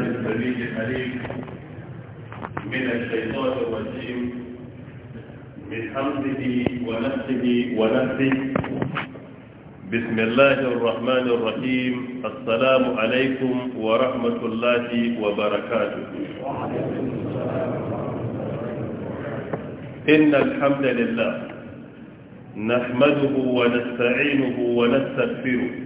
السميع العليم من الشيطان الرجيم من حمده ونفسه ونفسه بسم الله الرحمن الرحيم السلام عليكم ورحمة الله وبركاته إن الحمد لله نحمده ونستعينه ونستغفره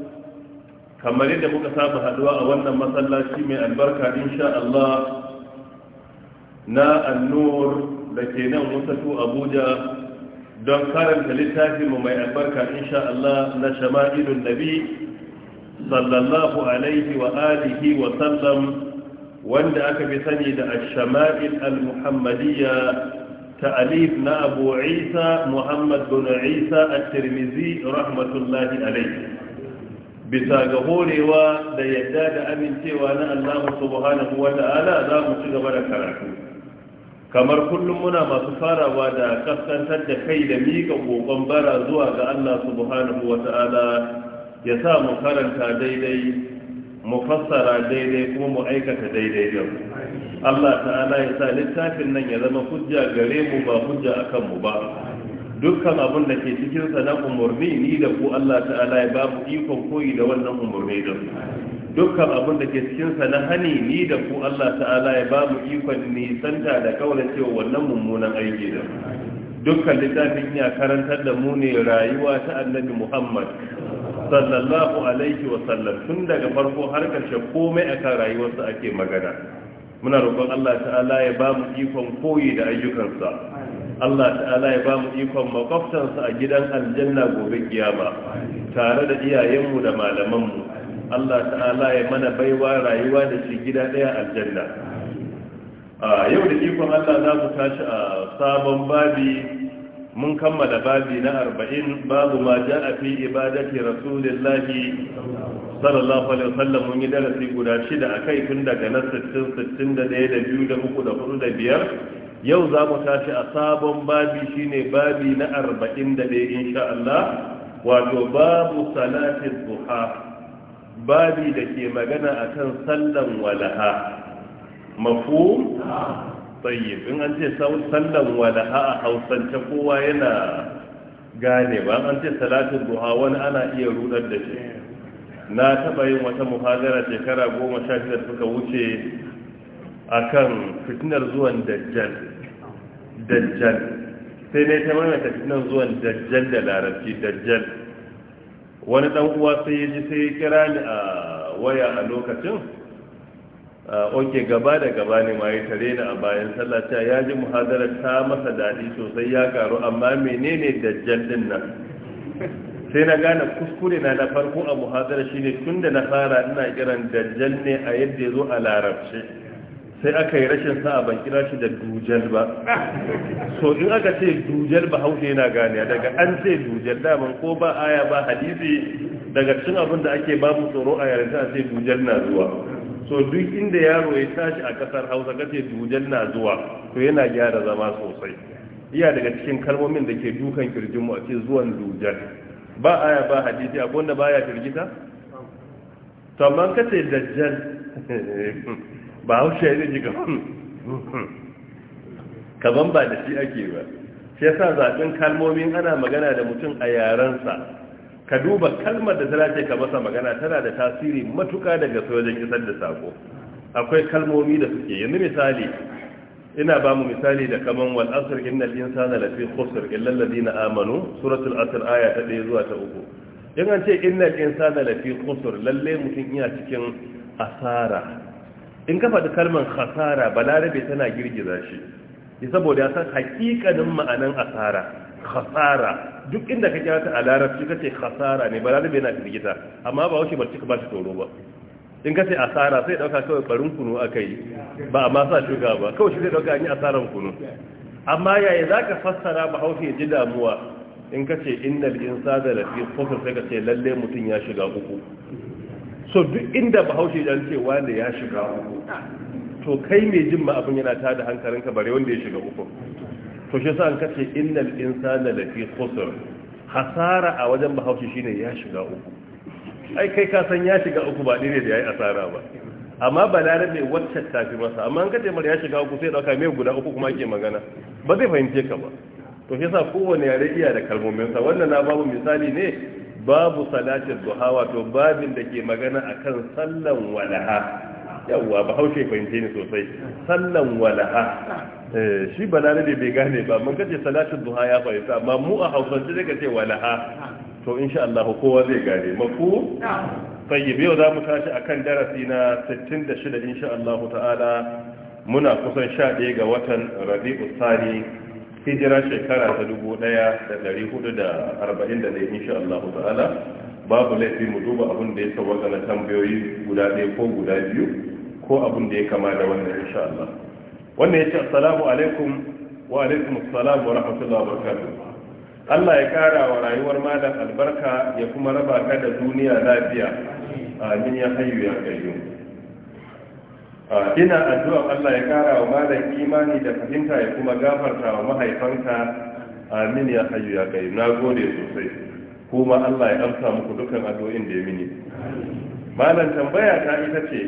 kamar yadda muka saba haduwa a wannan masallaci mai albarka insha Allah na annur da ke nan abuja don karanta littafinmu mai albarka insha Allah na shama'ilun nabi sallallahu alaihi wa alihi wa sallam wanda aka fi sani da ashama'il al-muhammadiyya ta'alif na abu isa muhammad bin isa at-tirmidhi rahmatullahi alaihi bisa ga horewa da yadda da amincewa na Allah subhanahu wata'ala za mu ci gaba da karatu kamar kullum muna masu farawa da kaskantar da kai da miƙa kokon bara zuwa ga Allah subhanahu wata'ala ya sa mu karanta daidai mu fassara daidai kuma mu aikata daidai yau Allah ta'ala ya sa littafin nan ya zama hujja gare mu ba hujja akan mu ba dukkan abin da ke cikin sa na umarni ni da ku Allah ta'ala ya ba mu ikon koyi da wannan umarni din dukkan abin da ke cikin na hani ni da ku Allah ta'ala ya ba mu ikon nisanta da cewa wannan mummunan aiki din dukkan littafin ya karantar da mu ne rayuwa ta annabi Muhammad sallallahu alaihi wa sallam tun daga farko har karshe komai a kan rayuwarsa ake magana muna roƙon Allah ta'ala ya ba mu ikon koyi da ayyukansa Allah ta'ala ya ba mu ikon makwabtansa a gidan aljanna gobe kiyama tare da iyayenmu da malamanmu Allah ta'ala ya mana baiwa rayuwa da shi gida ɗaya aljanna a yau da ikon Allah za mu tashi a sabon babi mun kammala babi na arba'in babu ma ja a fi ibadati rasulillahi sallallahu alaihi wasallam mun yi darasi guda shida akai tun daga na 60 61 da 2 da 3 da 4 da 5 yau za mu tashi a sabon babi shine babi na arba'in da ɗaya insha Allah wato babu salatin duha babi da ke magana akan sallan walaha mafu tsayyib in an ce sallan walaha a hausance kowa yana gane ba an ce salatin duha wani ana iya rudar da shi na taɓa yin wata muhadara shekara goma sha shida suka wuce akan fitinar zuwan dajjal dajjal sai ne ta maimaita fitinan zuwan dajjal da larabci dajjal wani dan uwa sai ya ji sai ya kira ni a waya a lokacin oke gaba da gaba ne ma ya tare ni a bayan sallah ta ya ji muhadara ta masa daɗi sosai ya karu amma menene dajjal din nan sai na gane kuskure na na farko a muhadara shine tunda na fara ina kiran dajjal ne a yadda ya zo a larabci sai aka yi rashin sa'a ban kira shi da dujal ba so in aka ce dujal ba haushe yana gane daga an ce dujal daman ko ba aya ba hadisi daga cin abin da ake babu tsoro a yarinta a ce dujal na zuwa so duk inda yaro ya tashi a kasar hausa ka ce dujal na zuwa to yana gyara zama sosai iya daga cikin kalmomin da ke dukan kirjinmu a ce zuwan dujal ba aya ba hadisi abin da baya firgita to amma kace dajjal ba haushe ya zai kaban hmm, hmm, hmm. ba da shi ake ba shi yasa zaɓen kalmomin ana magana da mutum a yarensa ka duba kalmar da ta ce ka masa magana tana da tasiri matuka daga sojan isar da sako akwai kalmomi da suke yanzu misali ina ba mu misali da kaman wal asr innal insana lafi khusr illa alladhina amanu suratul asr aya ta 1 zuwa ta 3 in an ce innal insana lafi khusr lalle mutum iya cikin asara in ka faɗi kalmar hasara, balarabe tana girgiza shi Ya saboda ya san hakikanin ma'anan asara hasara duk inda ka kira ta a larabci kace hasara ne balarabe na girgita. amma ba wace barci ka ba shi tsoro ba in ka ce asara sai ɗauka kawai barin kunu a kai ba a masa shuga ba kawai shi zai ɗauka an yi asaran kunu amma yaya za ka fassara ba hausa ya ji damuwa in ka ce innal sada lafiya, kofar sai ka ce lalle mutum ya shiga uku so duk inda bahaushe dan ce wanda ya shiga uku to kai mai jin ma abin yana tada hankalinka bare wanda ya shiga uku to shi sa an kace innal insana lafi khusr hasara a wajen bahaushe shine ya shiga uku ai kai ka san ya shiga uku ba dire da yayi asara ba amma mai wacce tafi masa amma an kace mar ya shiga uku sai dauka mai guda uku kuma yake magana ba zai fahimce ka ba to shi sa kowanne yare iya da kalmomin sa wannan na babu misali ne babu salatin duha wato babin da ke magana akan sallan walaha yawwa ba haushe fahimce ni sosai sallan walaha eh, shi ba da bai gane ba mun kace salatin duha ya fahimta amma mu a hausance sai kace walaha to insha Allah kowa zai gane mafu tayyib yau mu tashi akan darasi na 66 insha Allah ta'ala muna kusan 11 ga watan Rabiul Thani hijira shekara ta dubu da da dari hudu dai insha Allah ta'ala babu laifi mu duba abin da ya tawaga na tambayoyi guda ɗaya ko guda biyu ko abin da ya kama da wannan insha Allah wannan ce assalamu alaikum wa alaikum assalam wa rahmatullahi wa barakatuh Allah ya kara wa rayuwar malam albarka ya kuma raba ka da duniya lafiya amin ya hayyu ya kayyum ina addu'a Allah ya kara wa malam imani da fahimta ya kuma gafarta wa mahaifanka amin ya hayyu ya kai na gode sosai kuma Allah ya amsa muku dukan addu'o'in da ya mini malam tambaya ta ita ce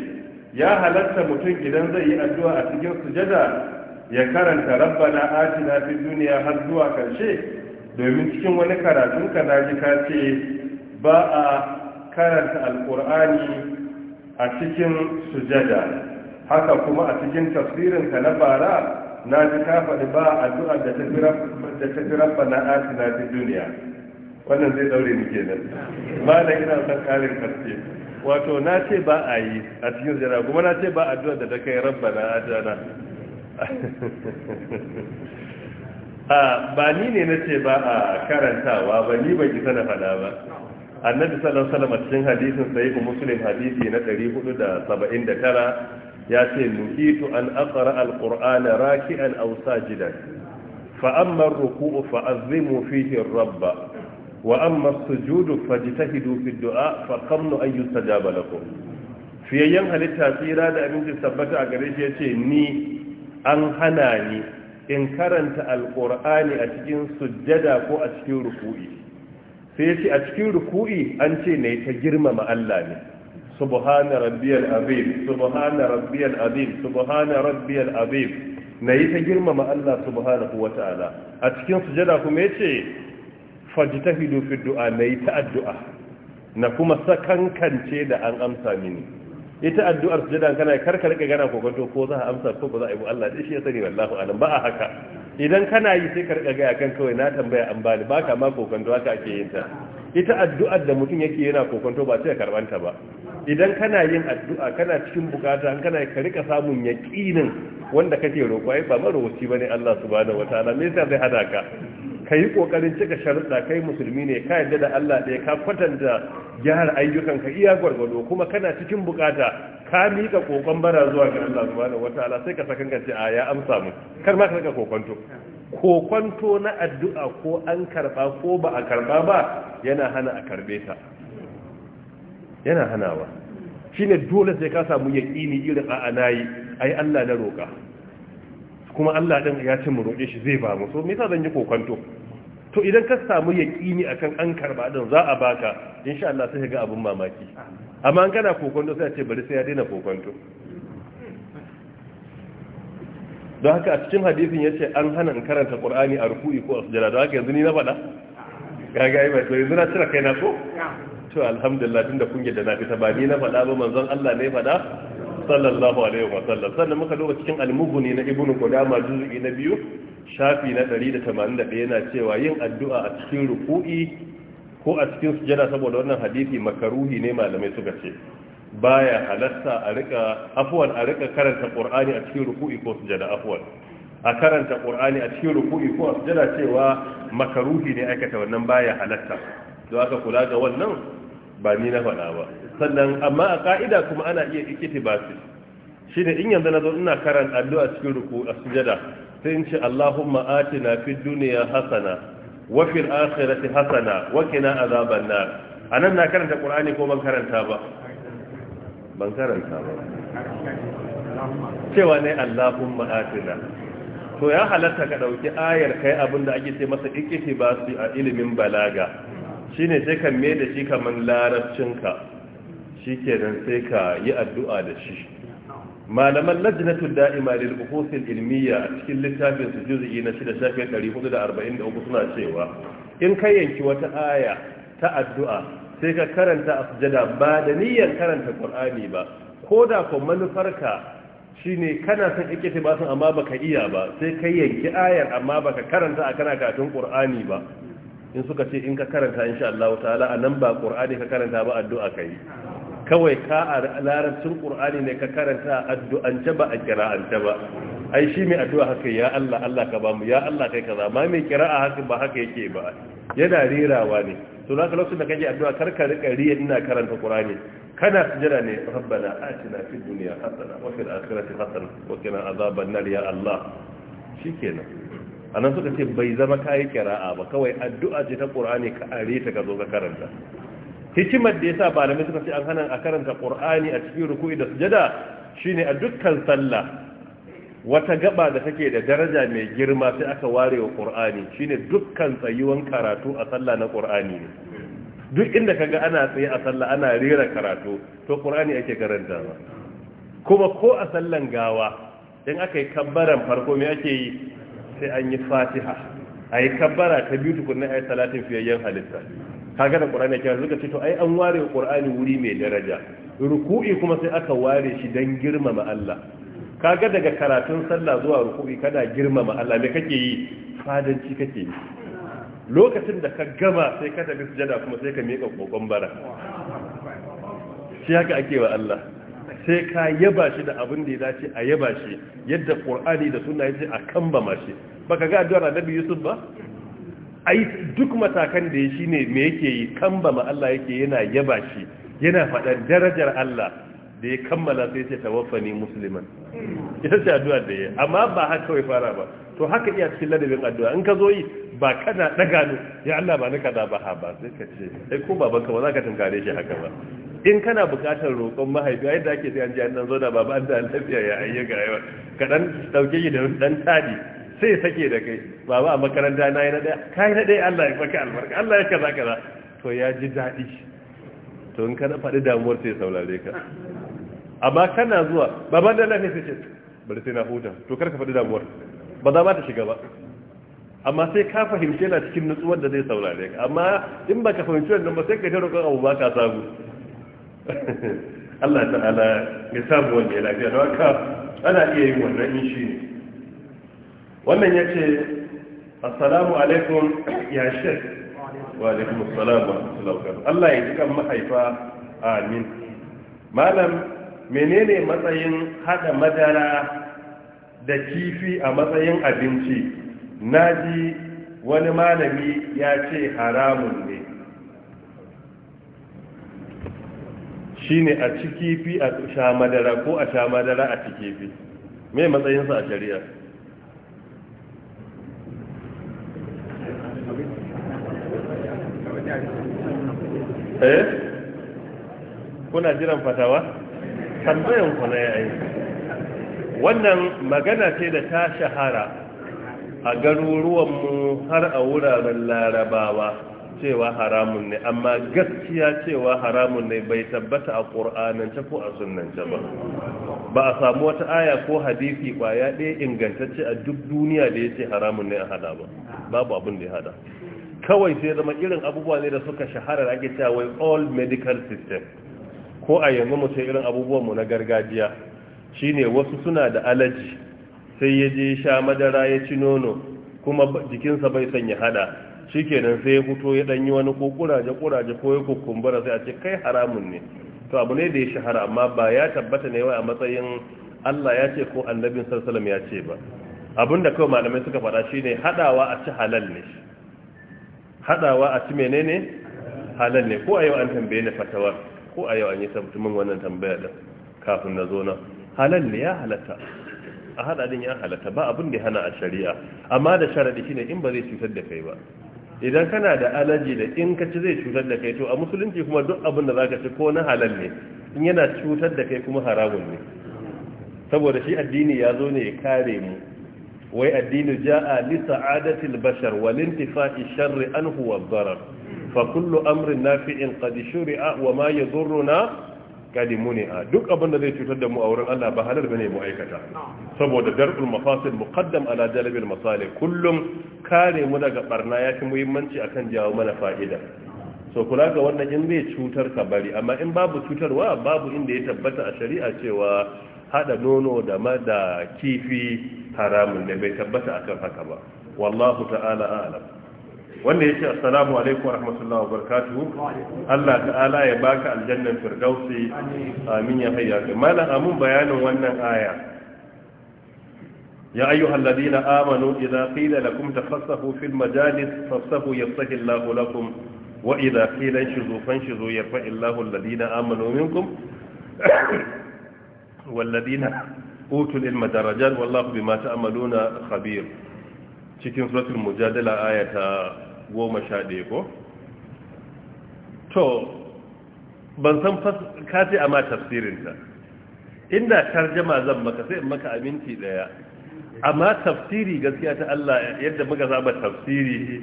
ya halatta mutum idan zai yi addu'a a cikin sujada ya karanta rabbana atina fid dunya har zuwa karshe domin cikin wani ka na ka ce ba a karanta alkur'ani a cikin sujada haka kuma a cikin ka na bara na ji ka faɗi ba zuwa da ta fi rabba na na fi duniya wannan zai daure ni kenan Ba da ina san karin karfe wato na ce ba a yi a cikin zira kuma na ce ba zuwa da ta kai rabba na asina a ba ni ne na ce ba a karantawa ba ni ban isa na faɗa ba annabi sallallahu alaihi wasallam cikin hadisin sahih muslim hadisi na 479 ya ce nuhitu an aqra alqur'ana raki'an aw sajidan fa amma rukuu fa azimu fihi rabba wa amma as-sujudu fajtahidu fi dua fa qamnu an yustajaba lakum fiyayyen halitta tsira da abinci sabbata a gare shi yace ni an hana ni in karanta alqur'ani a cikin sujjada ko a cikin ruku'i sai yace a cikin ruku'i an ce ne ta girmama Allah ne subhana rabbiyal azim subhana rabbiyal azim subhana rabbiyal azim nayi ta girmama Allah subhanahu wataala a cikin sujada kuma yace fajtahidu fi du'a nayi ta addu'a na kuma sakankance da an amsa mini ita addu'ar sujada kana karka rika gana kokonto ko za a amsa ko ba za a yi ba Allah dai shi ya sani wallahu alam ba a haka idan kana yi sai ka ga kan kawai na tambaya an bani baka ma kokonto haka ake yin ta ita addu'ar da mutum yake yana kokonto ba sai ya karbanta ba idan kana yin addu'a kana cikin bukata an kana ka rika samun yaqinin wanda kake roƙo ai ba marowaci bane Allah subhanahu wataala me yasa zai hada ka ka yi ƙoƙarin cika sharuɗa kai musulmi ne ka yadda da Allah ɗaya ka kwatanta gyara ayyukan ka iya gwargwado kuma kana cikin bukata ka miƙa ƙoƙon bara zuwa ga Allah wata ala, sai ka sakan ce a ya amsa mu kar ma ka saka ƙoƙonto. Ƙoƙonto na addu'a ko an karɓa ko ba a karɓa ba yana hana a karɓe ta yana hanawa shine dole sai ka samu yaƙini irin a'a nayi ai Allah na roƙa. kuma Allah ɗin ya ce mu roƙe shi zai ba mu so me yasa zan yi kokonto? to idan ka samu yaƙini akan an karba ɗin za a baka insha Allah sai ga abin mamaki amma an kana kokonto sai a ce bari sai ya daina kokonto. don haka a cikin hadisin ya ce an hana in karanta ƙur'ani a ruku'i ko a sujada don haka yanzu ni na faɗa gagaye mai to yanzu na cire kaina ko to alhamdulillah tun da kun na fita ba ni na faɗa ba manzon Allah ne faɗa sallallahu alaihi wa sallam sannan muka duba cikin al-mughni na ibn qudama juz'i na biyu shafi na 181 yana cewa yin addu'a a cikin ruku'i ko a cikin sujada saboda wannan hadisi makaruhi ne malamai suka ce baya halatta a rika afwan a rika karanta qur'ani a cikin ruku'i ko sujada afwan a karanta qur'ani a cikin ruku'i ko a sujada cewa makaruhi ne aikata wannan baya halatta don haka kula ga wannan ba ni na faɗa ba sannan amma a ka'ida kuma ana iya ikiti basi shi ne in yanzu na zo ina karanta addu'a cikin ruku a sujada sai in ce Allahumma atina fi duniya hasana wa fil akhirati hasana wa qina azaban nar anan na karanta qur'ani ko ban karanta ba ban karanta ba cewa ne Allahumma atina to ya halatta ka dauki ayar kai abinda ake ce masa ikiti su a ilimin balaga Shi ne sai ka mai da shi kamar larabcinka shi kenan sai ka yi addu'a da shi malaman lajinatun da'ima da buhuthil ilmiya a cikin littafin su juz'i na 6 shafin 443 suna cewa in ka yanki wata aya ta addu'a sai ka karanta a sujada ba da niyyar karanta qur'ani ba ko da ko manufarka shi shine kana son ikiti ba sun amma baka iya ba sai ka yanki ayar amma baka karanta a kana katun qur'ani ba in suka ce in ka karanta insha Allah ta'ala a nan ba ƙur'ani ka karanta ba addu'a ka yi. kawai ka a larancin ƙur'ani ne ka karanta addu'ance ba a kira'ance ba ai shi mai addu'a haka ya Allah Allah ka bamu ya Allah kai kaza ma mai kira'a haka ba haka yake ba yana rirawa ne to na lokacin da kake addu'a kar ka rika riya ina karanta ƙur'ani. kana jira ne rabbana atina fid dunya hasana wa fil akhirati hasana wa qina adhaban nar ya Allah shikenan anan suka ce bai zama kayi kira'a ba kawai addu'a ce ta qur'ani ka are ta ka zo ka karanta hikimar da yasa malamai suka ce an hana a karanta qur'ani a cikin ruku'i da sujada shine a dukkan sallah wata gaba da take da daraja mai girma sai aka ware wa qur'ani shine dukkan tsayuwan karatu a sallah na qur'ani ne duk inda kaga ana tsaye a sallah ana rera karatu to qur'ani ake ba kuma ko a sallan gawa in aka yi kabbaran farko me ake yi sai an yi fatiha a yi kabbara ta biyu tukunna a yi salatin fiyayyen halitta kaga da qur'ani kira suka ce to ai an ware qur'ani wuri mai daraja ruku'i kuma sai aka ware shi dan girmama Allah kaga daga karatun sallah zuwa ruku'i kada girmama Allah me kake yi fadanci kake yi lokacin da ka gama sai ka tafi sujada kuma sai ka miƙa kokon bara shi haka ake wa Allah sai ka yaba shi da abin da ya dace a yaba shi yadda qur'ani da sunna yace a kambama shi baka ga addu'ar annabi yusuf ba ai duk matakan da ya shi ne me yake yi kambama Allah yake yana yaba shi yana faɗar darajar Allah da ya kammala sai ce tawaffani musliman ita ce addu'a da ya amma ba har kawai fara ba to haka iya cikin ladabin addu'a in ka zo yi ba kana daga ni ya Allah ba nika kaza ba ha ba sai ka ce ai ko babanka ba za ka tunkare shi haka ba in kana bukatar roƙon mahaifi yadda ake sai an ji an zo da baba an da lafiya ya ayyaga yawa ka dan dauke shi da dan tadi sai ya sake da kai baba a makaranta na yi na ɗaya ka yi na ɗaya Allah ya baka albarka Allah ya kaza kaza to ya ji daɗi to in ka faɗi damuwar sai saurare ka amma kana zuwa baba da lafiya sai ce bari sai na huta to kar ka faɗi damuwar ba za ma ta shiga ba amma sai ka fahimce na cikin nutsuwar da zai saurare ka amma in ba ka fahimci wannan ba sai ka tara abu ba ka samu Allah ta'ala ya samu wanda ya lafiya don haka ana iya yin wannan in shi ne wannan ya ce assalamu alaikum ya shek wa alaikum assalamu Allah ya ji mahaifa amin malam menene matsayin hada madara da kifi a matsayin abinci naji wani malami ya ce haramun ne Shi ne a ci kifi a sha madara ko a sha madara a ci kifi mai matsayinsa a shari'a eh kuna jiran fatawa tambayan ku na yayi wannan magana ce da ta shahara a garuruwan mu har a wuraren larabawa cewa haramun ne amma gaskiya cewa haramun ne bai tabbata a ƙur'anance ko a sunance ba ba a samu wata aya ko hadisi ba ya ɗaya ingantacce a duk duniya da ya ce haramun ne a hada ba babu abin da ya hada kawai sai zama irin abubuwa ne da suka shahara da ake cewa wai all medical system ko a yanzu mu sai irin abubuwan mu na gargajiya shine wasu suna da alaji sai ya je sha madara ya ci nono kuma jikinsa bai son ya hada shikenan sai ya fito ya danyi wani ko kuraje kuraje ko ya kukumbura sai a ce kai haramun ne to abu ne da ya shahara amma ba ya tabbata ne wai a matsayin Allah ya ce ko annabi sallallahu alaihi ya ce ba abinda kawai malamai suka faɗa shine hadawa a ci halal ne hadawa a ci menene halal ne ko a yau an tambaye ni fatawa ko a yau an yi tabbumin wannan tambaya din kafin na zo na. halal ne ya halatta a hada din ya halatta ba abin da hana a shari'a amma da sharadi shine in ba zai cutar da kai ba idan kana da alaji da in ka ci zai cutar da kai to a musulunci kuma duk abin da zaka ci ko na halal ne in yana cutar da kai kuma haramun ne saboda shi addini ya zo ne ya kare mu wai addinu ja'a li sa'adatil bashar wal intifa'i sharri anhu wa darar fa kullu amrin nafi'in qad shuri'a wa ma yadurruna kadimuni'a duk abin da zai cutar da mu a wurin Allah ba halal bane mu aikata saboda dar'ul mafasil muqaddam ala jalbil masalih kullum kare mu daga barna yafi muhimmanci akan jawo mana fa'ida so kula ga wannan in zai cutar ka bari amma in babu cutarwa babu inda ya tabbata a shari'a cewa hada nono da mada kifi haramun da bai tabbata akan haka ba wallahu ta'ala a'lam wanda yake assalamu alaikum warahmatullahi wabarakatuh Allah ta'ala ya baka aljannan firdausi amin ya hayya ka malam amun bayanin wannan aya ya ayyuhal ladina amanu idza qila lakum tafassahu fil majalis fafsahu yafsahu Allahu lakum wa idza qila shuzu fanshuzu yarfa alladina amanu minkum walladina utul ilma darajat wallahu bima ta'maluna khabir cikin suratul mujadala ayata 11 ko to ban san ka ce amma tafsirin ta inda tarjuma zan maka sai maka aminci daya amma tafsiri gaskiya ta Allah yadda muka saba tafsiri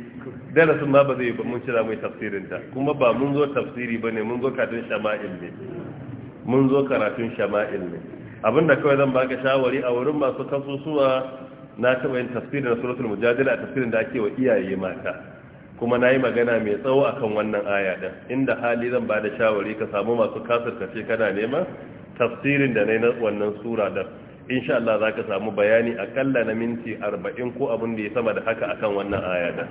darasin ma ba zai ba mun cira mai tafsirin ta kuma ba mun zo tafsiri bane mun zo katin shama'il ne mun zo karatun shama'il ne abinda kawai zan baka shawari a wurin masu kasusuwa na taɓa yin tafsirin na suratul mujadila a tafsirin da ake wa iyaye mata kuma na yi magana mai tsawo akan wannan aya ɗin inda hali zan ba da shawari ka samu masu kasar ka ce kana nema tafsirin da na yi na wannan sura da insha Allah za ka samu bayani akalla na minti arba'in ko abin da ya sama da haka akan wannan aya ɗin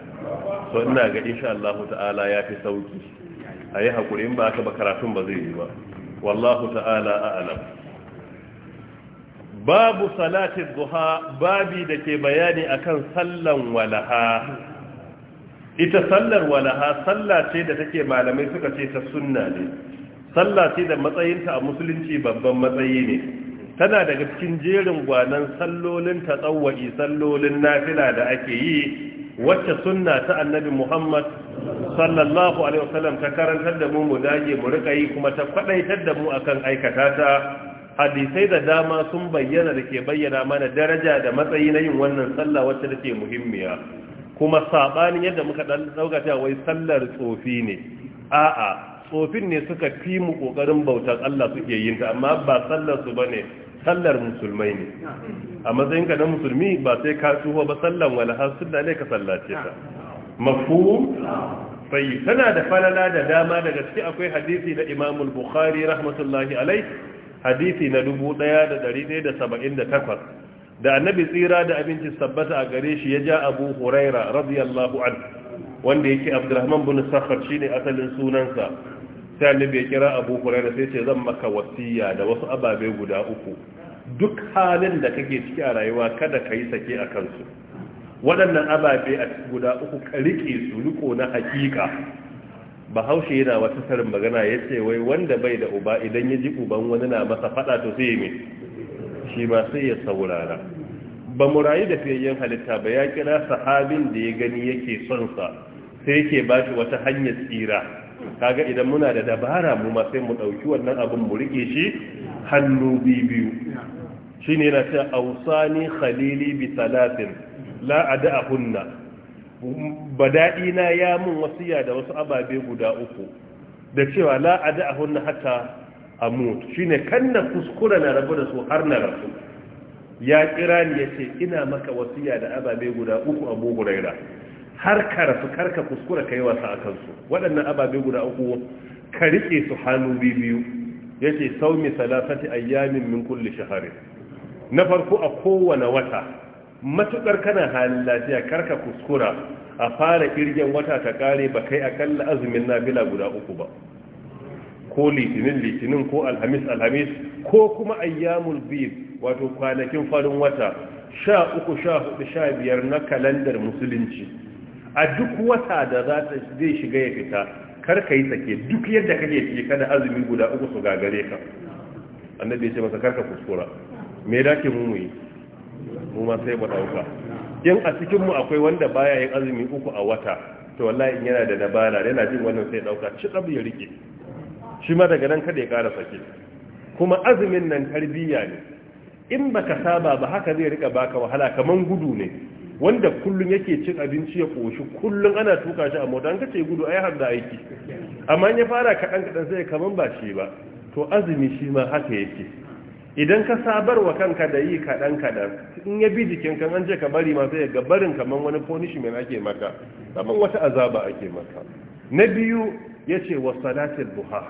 so ina ga insha Allah ta'ala ya fi sauki a yi haƙuri in ba aka ba karatun ba zai yi ba wallahu ta'ala a'lam babu salatin duha babi da ke bayani akan sallan walaha ita sallar walaha salla ce da take malamai suka ce ta sunna ne salla ce da matsayinta a musulunci babban matsayi ne tana daga cikin jerin gwanan sallolin tatsawwa'i sallolin nafila da ake yi wacce sunna ta annabi Muhammad sallallahu alaihi wasallam ta karantar da mu mu dage mu rika yi kuma ta kwadaitar da mu akan aikata ta hadisai da dama sun bayyana da ke bayyana mana daraja da matsayi na yin wannan sallah wacce take muhimmiya kuma sabanin yadda muka dan dauka ta wai sallar tsofi ne a'a tsofin ne suka fi mu kokarin bautar Allah suke yin ta amma ba sallar su bane sallar musulmai ne a matsayin ka na musulmi ba sai ka tsuwa ba sallan wala har sunna ne ka sallace ta mafhum sai tana da falala da dama daga ciki akwai hadisi na Imam al-Bukhari rahmatullahi alai hadisi na 1178 da annabi tsira da abinci sabbata a gare shi ya ja Abu Huraira radiyallahu anhu wanda yake Abdurrahman bin Sakhar shine asalin sunansa sai annabi ya kira abu hurairah sai ce zan maka wasiya da wasu ababe guda uku duk halin da kake ciki a rayuwa kada ka yi sake a kansu waɗannan ababe a guda uku ka riƙe su riko na hakika bahaushe yana wata sarin magana ya ce wai wanda bai da uba idan ya ji uban wani na masa faɗa to sai mai shi ma sai ya saurara ba mu rayu da fiyayyen halitta ba ya kira sahabin da ya gani yake son sa sai yake ba shi wata hanyar tsira kaga idan muna da dabara mu ma sai mu dauki wannan abin mu rike shi hannu biyu shine yana cewa ausani khalili bi salatin la ada'ahunna bada'i na ya mun wasiya da wasu ababe guda uku da cewa la ada'ahunna hatta amut shine kan na kuskura na rabu da su har na rabu ya kira ni yace ina maka wasiya da ababe guda uku abu buhuraira. har ka karka kuskura kai wasa a kansu waɗannan ababe guda uku ka rike su hannu biyu yace saumi salasati ayyamin min kulli shahrin na farko a kowane wata matukar kana halin lafiya karka kuskura a fara kirgen wata ta kare ba kai akalla azumin nabila guda uku ba ko litinin litinin ko alhamis alhamis ko kuma ayyamul bid wato kwanakin farin wata sha uku sha hudu sha biyar na kalandar musulunci a duk wata da za ta zai shiga ya fita kar ka yi sake duk yadda ka ke ciki kada azumi guda uku su gagare ka annabi ya ce masa kar ka kuskura me da ke mu muyi mu ma sai mu dauka in a cikin mu akwai wanda baya yin azumi uku a wata to wallahi in yana da dabara yana jin wannan sai dauka shi tsabi ya rike shi ma daga nan kada ya kara sake kuma azumin nan tarbiyya ne in baka saba ba haka zai rika baka wahala kaman gudu ne wanda kullum yake cin abinci ya koshi kullum ana tuka shi a mota an kace gudu ai har da aiki amma ya fara kaɗan kaɗan sai kaman ba shi ba to azumi shi ma haka yake idan ka sabar wa kanka da yi kaɗan kaɗan in ya bi jikin kan an je ka bari ma sai ga barin kaman wani punishment ake maka kaman wata azaba ake maka na biyu yace wa salatul buha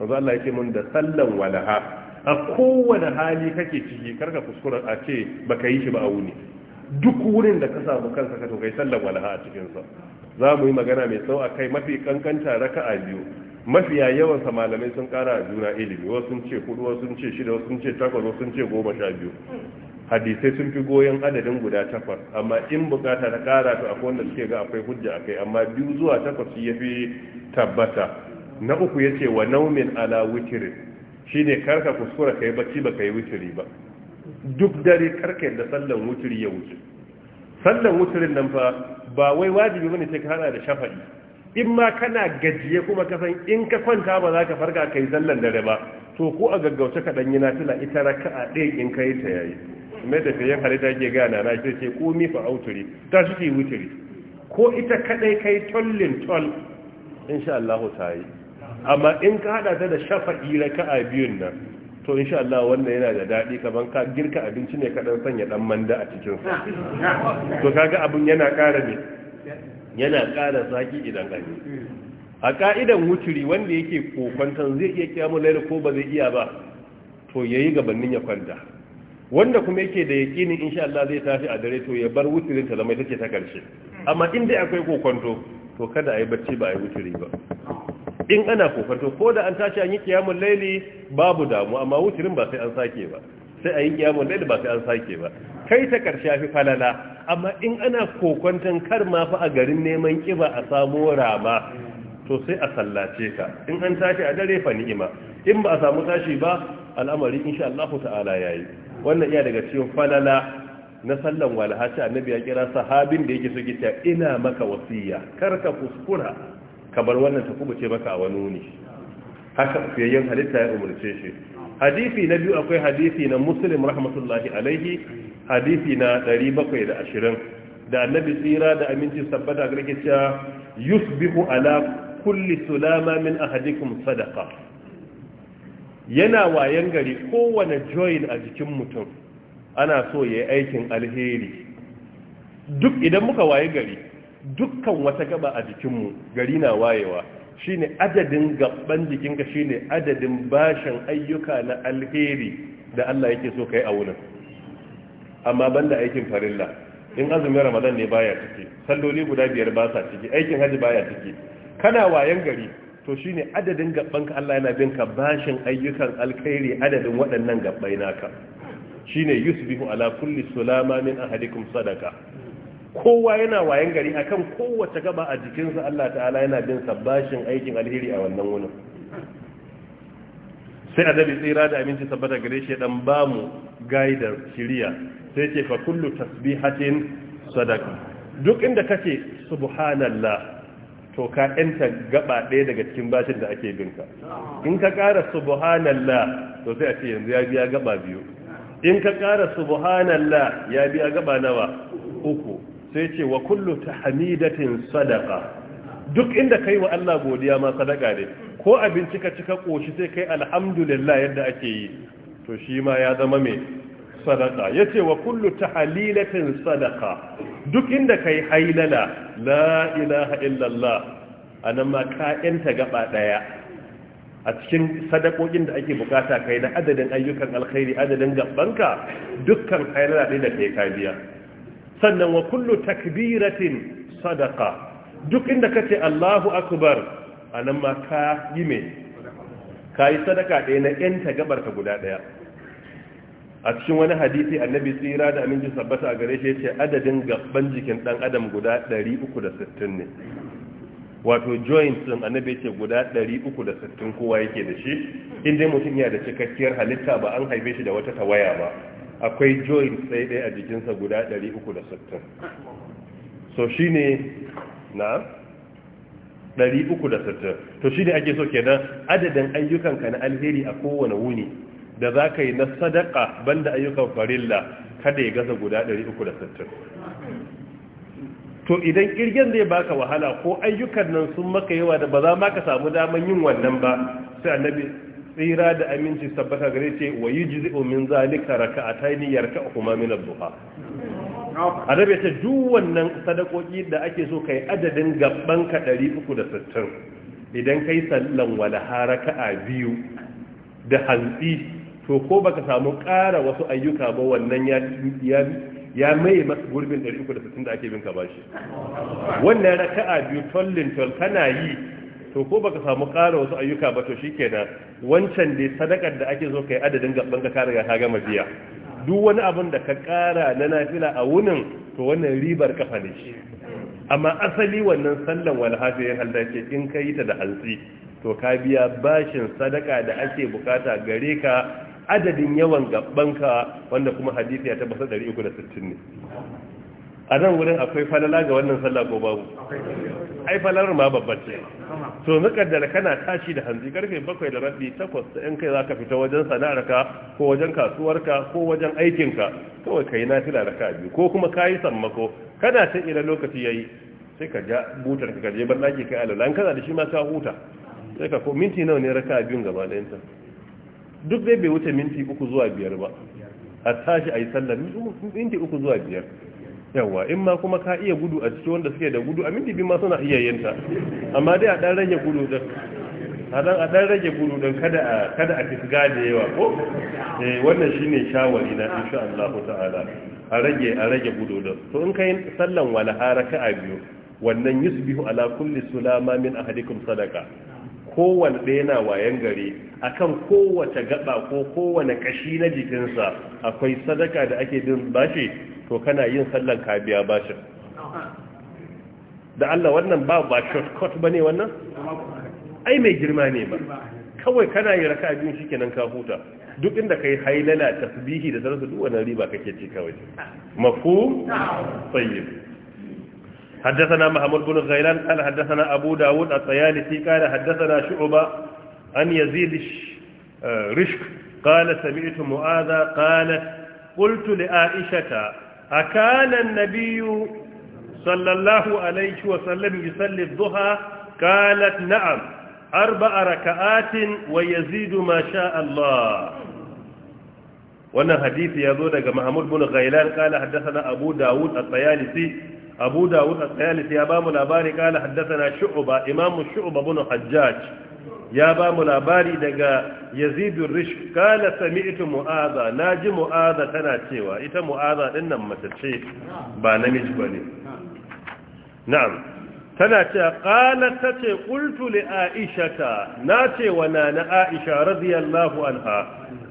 manzo Allah yake mun da sallan walaha a kowane hali kake ciki karka kuskura a ce baka yi shi ba a wuni duk wurin da ka samu kansa ka to kai sallar walaha a cikin sa za mu yi magana mai a kai mafi kankanta raka'a biyu mafiya yawan malamai sun kara juna ilimi wasu sun ce hudu wasu sun ce shida wasu sun ce takwas wasu sun ce goma sha biyu hadisai sun fi goyon adadin guda takwas amma in bukata ta kara to akwai wanda suke ga akwai hujja akai amma biyu zuwa takwas shi yafi tabbata na uku yace wa naumin ala witr shine karka kuskura kai bacci baka yi witri ba duk dare karka da sallan wuturi ya wuce sallan wuturin nan fa ba wai wajibi bane sai ka hana da shafa'i in ma kana gajiye kuma ka san in ka kwanta ba za ka farka kai sallan dare ba to ko a gaggauce ka dan yi nafila ita raka a ɗaya in kai ta yayi mai da fiye ta ke gana na ce ce komi fa auturi ta shi ke wuturi ko ita kadai kai tollin toll insha Allah ta yi amma in ka hada ta da shafa'i raka'a biyun nan to insha Allah wannan yana da daɗi kaman ka girka abinci ne kaɗan sanya ɗan manda a cikin sa to kaga abin yana ƙara ne yana ƙara zaki idan gani a ka'idan wuturi wanda yake kokwantan zai iya kiyamu laila ko ba zai iya ba to yayi gabanin ya kwanta wanda kuma yake da yaƙinin insha Allah zai tafi a dare to ya bar wuturin ta zama ita ce ta karshe amma inda akwai kokwanto to kada a yi bacci ba a yi wuturi ba in ana kofato ko da an tashi an yi kiyamun laili babu damu amma wutirin ba sai an sake ba sai a yi kiyamun laili ba sai an sake ba kai ta karshe fi falala amma in ana kokwantan kar ma fa a garin neman kiba a samu rama to sai a sallace ka in an tashi a dare fa ni'ima in ba a samu tashi ba al'amari insha Allah ta'ala yayi wannan iya daga cikin falala na sallan walhaci annabi ya kira sahabin da yake so gita ina maka wasiya kar ka kuskura Ka bar wannan ta kubuce maka a wani wuni haka fiyayyen halitta ya umarce shi hadisi na biyu akwai hadisi na muslim rahmatullahi alaihi hadisi na 720 da annabi tsira da aminci sabbata ga rike yusbihu ala kulli sulama min ahadikum sadaqa yana wayan gari kowane join a jikin mutum ana so ya yi aikin alheri duk idan muka waye gari dukkan wata gaba a jikinmu gari na wayewa Shi ne adadin gaban jikinka Shi ne adadin bashin ayyuka na alheri da Allah yake so kai a wurin amma banda aikin farilla in azumin ramadan ne baya ciki salloli guda biyar ba sa ciki aikin haji baya ciki kana wayan gari to shi ne adadin ka Allah yana bin ka bashin ayyukan alkhairi adadin waɗannan gabbai naka ne yusbihu ala kulli sulama min ahadikum sadaka kowa yana wayan gari akan kowace gaba a jikinsa Allah ta'ala yana bin sabbashin aikin alheri a wannan wunin sai annabi tsira da aminci sabbata gare shi dan ba mu gaidar shiriya sai ce fa kullu tasbihatin sadaka duk inda kace subhanallah to ka yanta gaba ɗaya daga cikin bashin da ake bin ka. in ka ƙara subhanallah to sai a ce yanzu ya biya gaba biyu in ka ƙara subhanallah ya biya gaba nawa uku sai ce wa kullu tahmidatin sadaqa duk inda kai wa Allah godiya ma sadaka ne ko abinci ka cika koshi sai kai alhamdulillah yadda ake yi to shi ma ya zama mai sadaka yace wa kullu tahlilatin sadaqa duk inda kai hailala la ilaha illallah anan ma ka yanta gaba daya a cikin sadakokin da ake bukata kai na adadin ayyukan alkhairi adadin gabanka dukkan hailala ne da kai ka sannan wa kullu takbiratin sadaka duk inda kace Allahu akbar anan ma ka yi me kai sadaka ɗaya na yanta gabar ka guda ɗaya a cikin wani hadisi annabi tsira da aminci sabbata a gare shi yace adadin gaban jikin dan adam guda 360 ne wato joint din annabi yace guda 360 kowa yake da shi inda mutum yana da cikakkiyar halitta ba an haife shi da wata tawaya ba akwai joint sai dai a jikinsa guda 360 so shi ne na 360 to shi ne ake so kenan adadin ayyukanka na alheri a kowane wuni da za ka yi na sadaka banda ayyukan farilla kada ya gasa guda 360 to idan kirgen zai baka wahala ko ayyukan nan sun maka yawa da ba za ma ka samu daman yin wannan ba sai annabi tsira da aminci tabbata gare ce wa yi jizi omin zalika raka a taini yarka a kuma minar duha a dabe ta duk wannan sadakoki da ake so kai adadin gaban ka 360 idan kai sallan wala haraka a biyu da hantsi to ko baka samu ƙara wasu ayyuka ba wannan ya ya mai masa gurbin 360 da ake bin ka bashi wannan raka'a biyu tollin tol kana yi to ko baka samu ƙara wasu ayyuka ba to shi shikenan wancan dai sadakar da ake so kai adadin gaban ka kare ga gama biya duk wani abin da ka ƙara na nafila a wunin to wannan ribar kafa ne shi amma asali wannan sallan wal hafi ya hallace in ka yi ta da hantsi to ka biya bashin sadaka da ake bukata gare ka adadin yawan gaban ka, wanda kuma hadisi ya tabbata 360 ne a nan wurin akwai falala ga wannan sallah ko babu ai falalar ma babbar ce to kaddara kana tashi da hanzi karfe bakwai da rabi takwas da in kai zaka ka fita wajen sana'arka ko wajen kasuwarka ko wajen aikinka kawai ka yi nafila da ka biyu ko kuma ka yi sammako kana ta ila lokaci ya yi sai ka ja butar ka je ban daki kai alala an kaza da shi ma ka huta sai ka ko minti nawa ne raka biyun gaba yanta duk dai bai wuce minti uku zuwa biyar ba a tashi a yi sallah minti uku zuwa biyar yawa in ma kuma ka iya gudu a cikin wanda suke da gudu a minti biyu ma suna iya yinta amma dai a dan rage gudu din a a dan rage gudu din kada a kada a da yawa ko eh wannan shine shawari na insha Allah ta'ala a rage a rage gudu din to in kai sallan wala haraka a biyu wannan yusbihu ala kulli sulama min ahadikum sadaqa kowane ɗaya na wayan gari a kan kowace gaba ko kowane ƙashi na jikinsa akwai sadaka da ake bin bashi to kana yin sallan kabiya bashi? da Allah wannan ba ba shortcut ne wannan ai mai girma ne ba kawai kana yi raka biyun kenan ka huta duk inda ka yi hailala tasbihi da darasa duk wani riba kake ci kawai Mafu, حدثنا محمود بن غيلان قال حدثنا أبو داود الطيالسي قال حدثنا شعبة أن يزيد آه، رشق قال سمعت مؤاذا قالت قلت لعائشة أكان النبي صلى الله عليه وسلم يصلي الضحى قالت نعم أربع ركعات ويزيد ما شاء الله وانا حديث ya محمد بن غيلان قال حدثنا أبو داود الطيالسي abu dawud al-thalis ya ba mu labari kala haddasa shu'ba Imam shu'ba bin hajjaj ya ba mu labari daga yazid ar sami ita mu'aza, na ji mu'aza tana cewa ita mu'aza din nan mace ce ba namiji bane na'am tana cewa kala tace qultu li aishata na ce wa nana aisha radiyallahu anha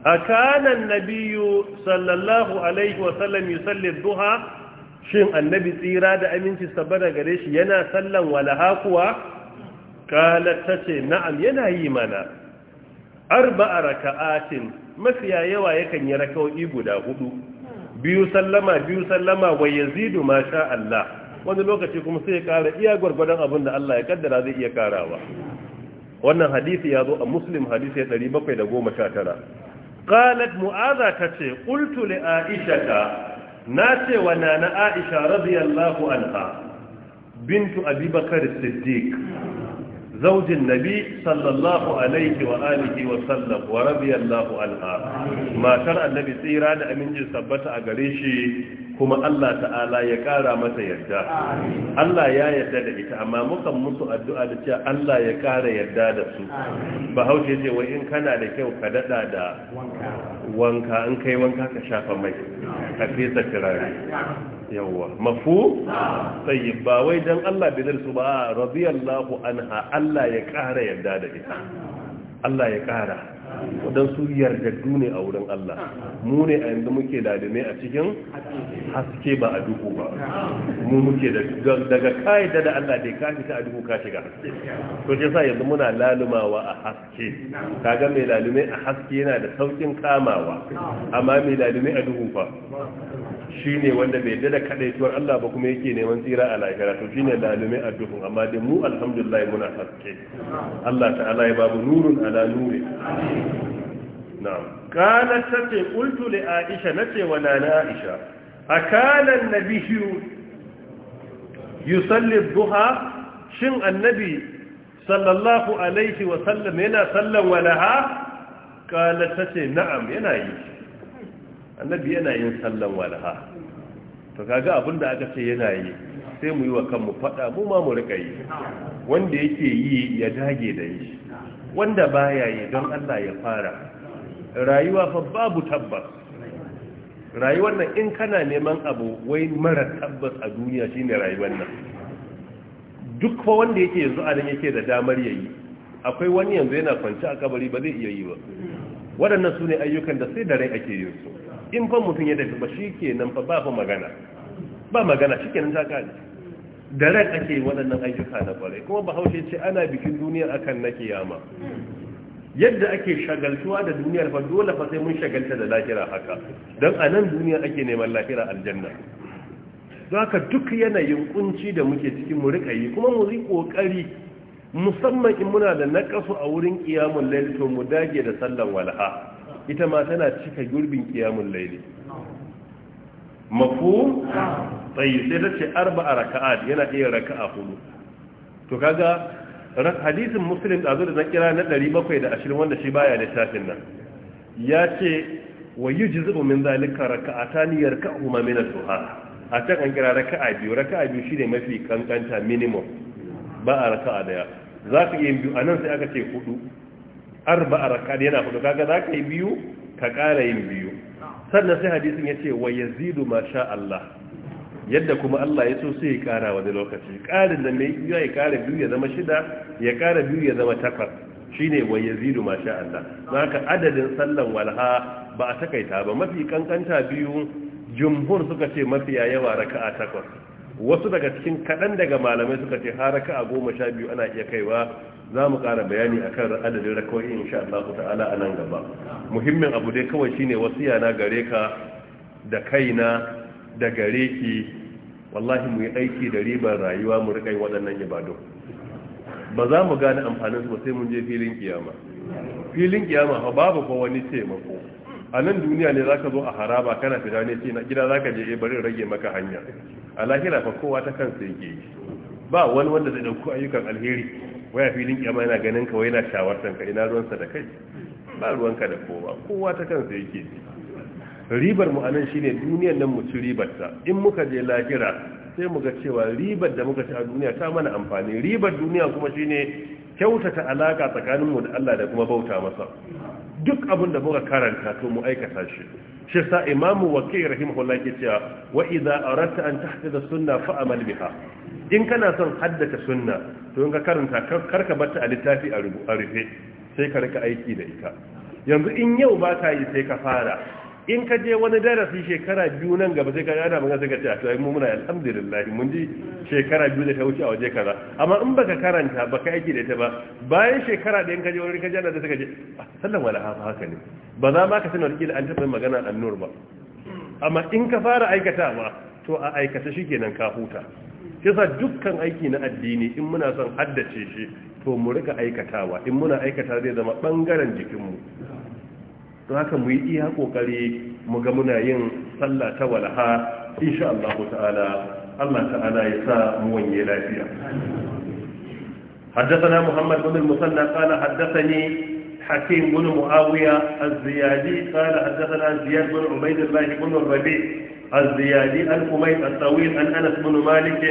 akana nabiyyu sallallahu alaihi wa sallam yusalli duha shin annabi tsira da aminci sabada gare shi yana sallan walaha kuwa kalar ta ce na'am yana yi mana arba'a raka'atin mafiya yawa yakan yi raka'o'i guda hudu biyu sallama biyu sallama wa yazidu ma sha Allah wani lokaci kuma sai ya kara iya gwargwadon abin da Allah ya kaddara zai iya karawa wannan hadisi ya zo a muslim hadisi ya 719 qalat mu'aza tace qultu li aisha na ce wa nana aisha radiyallahu anha bintu abubakar siddiq zaujin nabi sallallahu alaihi wa alihi wa sallam wa radiyallahu anha matar annabi tsira da aminci sabbata a gare shi kuma Allah ta'ala ya kara mata yarda Allah ya yarda da ita amma mukan musu addu'a da cewa Allah ya kara yarda da su ba ce wai in kana da kyau ka dada da wanka an kai wanka ka shafa mai ka fesa turare yawwa mafu tsayi ba wai don Allah bidar su ba radiyallahu anha Allah ya ƙara yarda da ita Allah ya ƙara su yardaddu ne a wurin Allah mu ne a yanzu muke da ne a cikin haske ba a duhu ba mu muke da daga kai da Allah dai ka fita a duhu ka shiga to ke sa yanzu muna lalumawa a haske kaga mai lalume a haske yana da saukin kamawa amma mai lalume a duhu fa Shi ne wanda bai yadda da kadaituwar Allah ba kuma yake neman tsira a lahira to shine lalume a duhun amma da mu alhamdulillah muna haske Allah ta'ala ya babu nurun ala nuri na'am kana tace qultu li aisha nace wa nana aisha akana an-nabiyyu yusalli ad-duha shin annabi sallallahu alaihi wa sallam yana sallan walaha kala sace na'am yana yi annabi yana yin sallan walaha, to kaga abin da aka ce yana yi sai mu yi wa kanmu faɗa mu ma mu rika yi wanda yake yi ya dage da yi wanda baya yi don Allah ya fara rayuwa fa babu tabbas rayuwar nan in kana neman abu wai mara tabbas a duniya shine rayuwar nan duk fa wanda yake yanzu a nan yake da damar yayi akwai wani yanzu yana kwanci a kabari ba zai iya yi ba waɗannan sune ayyukan da sai da rai ake yin su in ban mutum ya tafi ba shi ke nan ba ba magana ba magana shi ke nan ta gani da ran ake waɗannan ayyuka na ƙware kuma bahaushe ce ana bikin duniyar akan na kiyama yadda ake shagaltuwa da duniyar fa dole fa sai mun shagalta da lahira haka don a nan duniya ake neman lahira aljanna don haka duk yanayin kunci da muke cikin mu rika yi kuma mu yi ƙoƙari, musamman in muna da nakasu a wurin kiyamun lalito mu dage da sallan walha ita ma tana cika gurbin kiyamun laili mafu tsayi sai ta ce arba a raka'a yana iya raka'a hudu to kaga hadisin muslim da zo da kira na 720 wanda shi baya shafin nan ya ce wa yi jizu min zalika raka'ata niyar ka ma mina duha a can an kira raka'a biyu raka'a biyu shi ne mafi kankanta minimum ba a raka'a daya za ka yi biyu a nan sai aka ce hudu arba'a rakat yana hudu kaga za ka yi biyu ka ƙara yin biyu sannan sai hadisin ya ce wa yazidu ma Allah yadda kuma Allah ya so sai ya ƙara wani lokaci ƙarin da mai ya ƙara biyu ya zama shida ya ƙara biyu ya zama takwas shine wa yazidu ma sha Allah haka adadin sallan walha ba a takaita ba mafi kankanta biyu jumhur suka ce mafiya yawa raka'a takwas wasu daga cikin kaɗan daga malamai suka ce har raka'a goma sha biyu ana iya kaiwa za mu kara bayani a kan adadin rakawai insha Allah ta'ala a nan gaba muhimmin abu dai kawai shine wasiya yana gare ka da kaina da gare ki wallahi mu yi aiki da ribar rayuwa mu riƙa waɗannan ibadu ba za mu gane amfanin su sai mun je filin kiyama filin kiyama fa babu ko wani taimako a nan duniya ne zaka zo a haraba kana fita ne ce na gida zaka je eh, bari rage maka hanya a lahira fa kowa ta kansa yake yi ba wani wanda zai dauko ayyukan alheri waya filin kyama yana ganin ka yana shawartan ka ina ruwansa da kai ba ruwanka da kowa kowa ta kansa yake ribar mu anan shine duniyar nan mu ci ribarta in muka je lahira sai mu ga cewa ribar da muka ci a duniya ta mana amfani ribar duniya kuma shine kyautata alaka tsakanin mu da Allah da kuma bauta masa duk abin da muka karanta to mu aikata shi shi sa imamu wakil rahimahullah ke cewa wa idza aradta an tahfidha sunna fa amal biha in kana son haddata sunna to in ka karanta karka batta a littafi a rufe sai ka rika aiki da ita yanzu in yau ba ka yi sai ka fara in ka je wani darasi shekara biyu nan gaba sai ka yana magana sai ka ce a to mu muna alhamdulillah mun ji shekara biyu da ta wuce a waje kaza amma in baka karanta baka aiki da ita ba bayan shekara da in ka je wani ka jana da suka je ah, sallan wala hafa haka ne ba za ma ka sanar kila an taɓa magana annur ba amma in ka fara aikatawa to a aikata shi kenan ka huta kisa dukkan aiki na addini in muna son haddace shi to mu rika aikatawa in muna aikata zai zama bangaren jikinmu don haka mu yi iya kokari mu ga muna yin sallah ta walaha insha Allah ta'ala Allah ta'ala ya sa mu wanye lafiya حدثنا محمد بن المثنى قال حدثني حكيم بن معاوية الزيادي قال حدثنا زياد بن عبيد الله بن الربيع الزيادي عن الطويل عن أنس بن مالك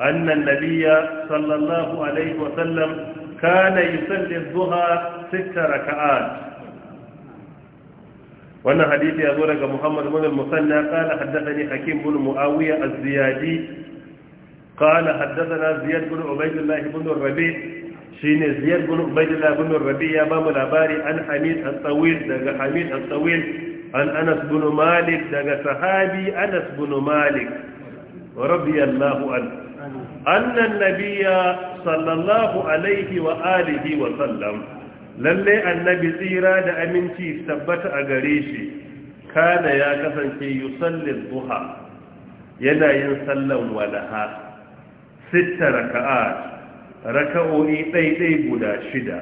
أن النبي صلى الله عليه وسلم كان يصلي الضحى ست ركعات وانا حديث يقول لك محمد بن المثنى قال حدثني حكيم بن معاوية الزيادي قال حدثنا زياد بن عبيد الله بن الربيع شين زياد بن عبيد الله بن الربيع يا باب العباري عن حميد الطويل حميد الطويل an anas malik daga sahabi anas bin malik radiyallahu an anna nabiyya sallallahu alaihi wa wa sallam lalle annabi tsira da aminci tabbata a gare shi kana ya kasance yusalli duha yanayin yin sallan walaha sittara ka'at raka'o'i ɗaiɗai guda shida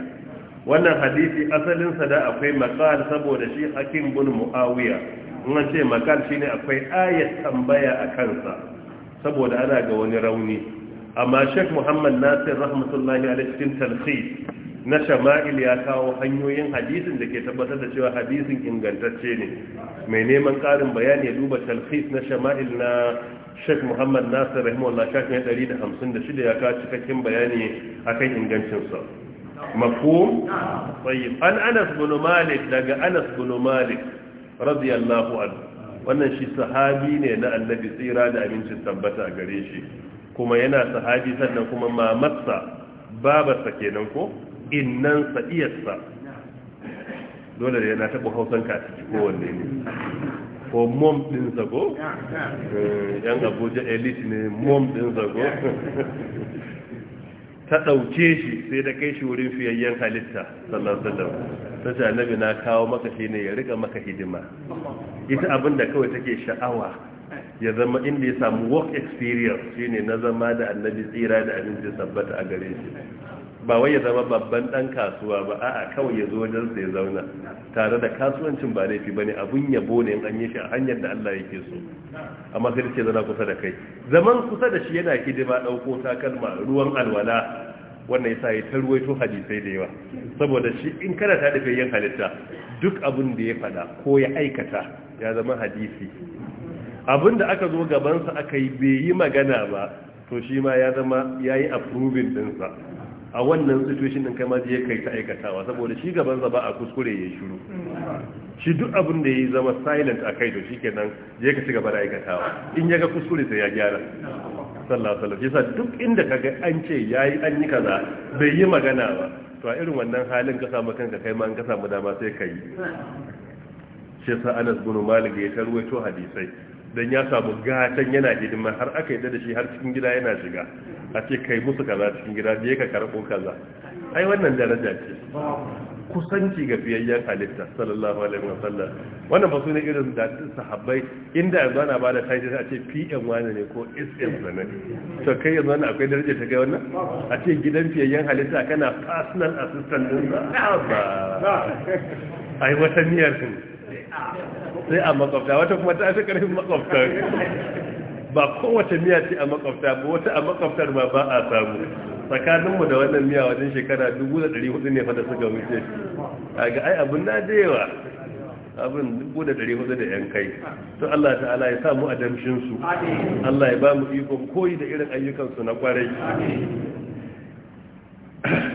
wannan hadisi asalinsa da akwai makal saboda shi hakim bin mu'awiya in ce makal ne akwai ayat tambaya a kansa saboda ana ga wani rauni amma sheikh muhammad nasir rahmatullahi alaihi cikin talhi na shama'il ya kawo hanyoyin hadisin da ke tabbatar da cewa hadisin ingantacce ne mai neman karin bayani ya duba talhis na shama'il na sheikh muhammad nasir rahimahullah shafin 156 ya kawo cikakken bayani akan ingancinsa طيب tayyib an anas مالك malik daga anas مالك رضي الله عنه wannan shi sahabi ne na annabi tsira da amincin tabbata a gare shi kuma yana sahabi sannan kuma mamatsa babarsa kenan ko innansa iyarsa dole da yana taɓa hausan ka ciki kowanne ne ko mom ɗin zago eh, yan abuja elite ne mom ɗin zago ta ɗauke shi sai da kai shi wurin fiyayyen halitta sallallahu alaihi ta ce na kawo maka shi ne ya riga maka hidima ita abin da kawai take sha'awa ya zama inda ya samu work experience shine na zama da annabi tsira da abinci sabbata a gare shi ba wai ya zama babban dan kasuwa ba a'a kawai ya zo wajen ya zauna tare da kasuwancin ba laifi bane abun yabo ne in an yi shi a hanyar da Allah yake so amma sai ce zana kusa da kai zaman kusa da shi yana hidima dauko takalma ruwan alwala wannan yasa ya ruwaito hadisai da yawa saboda shi in kana ta dafe yin halitta duk abun da ya faɗa ko ya aikata ya zama hadisi Abun da aka zo gabansa aka yi bai yi magana ba to shi ma ya zama ya yi approving dinsa a wannan situation din kai ma je kai ta aikatawa saboda shi gaban sa ba a kuskure ya shiru shi duk abin da yayi zama silent a kai to shikenan je ka ci gaba da aikatawa in ya ga kuskure sai ya gyara sallallahu alaihi wasallam duk inda kaga an ce yayi an yi kaza bai yi magana ba to a irin wannan halin ka samu kanka kai ma an ka samu dama sai kai shi yasa Anas bin Malik ya tarwaito hadisai don ya samu gatan yana hidima har aka yi da shi har cikin gida yana shiga a ce kai musu kaza cikin gida je ka karɓo kaza ai wannan daraja ce kusanci ga fiyayyen halitta sallallahu alaihi wa sallam wannan ba su ne irin da sahabbai inda yanzu ana bada title a ce PM wani ne ko SM wani to kai yanzu wani akwai daraja ta kai wannan a ce gidan fiyayyen halitta kana personal assistant din sa ai wata niyyar ne sai a makwabta wata kuma ta fi ƙarfin makwabta ba kowace miya ce a makwabta ba wata a makwabtar ma ba a samu tsakaninmu da wannan miya wajen shekara 1400 ne fata suka wuce a ga ai abin na da yawa abin 1400 da yan kai to Allah ta'ala ya samu a damshinsu Allah ya ba mu ikon koyi da irin ayyukansu na kwarai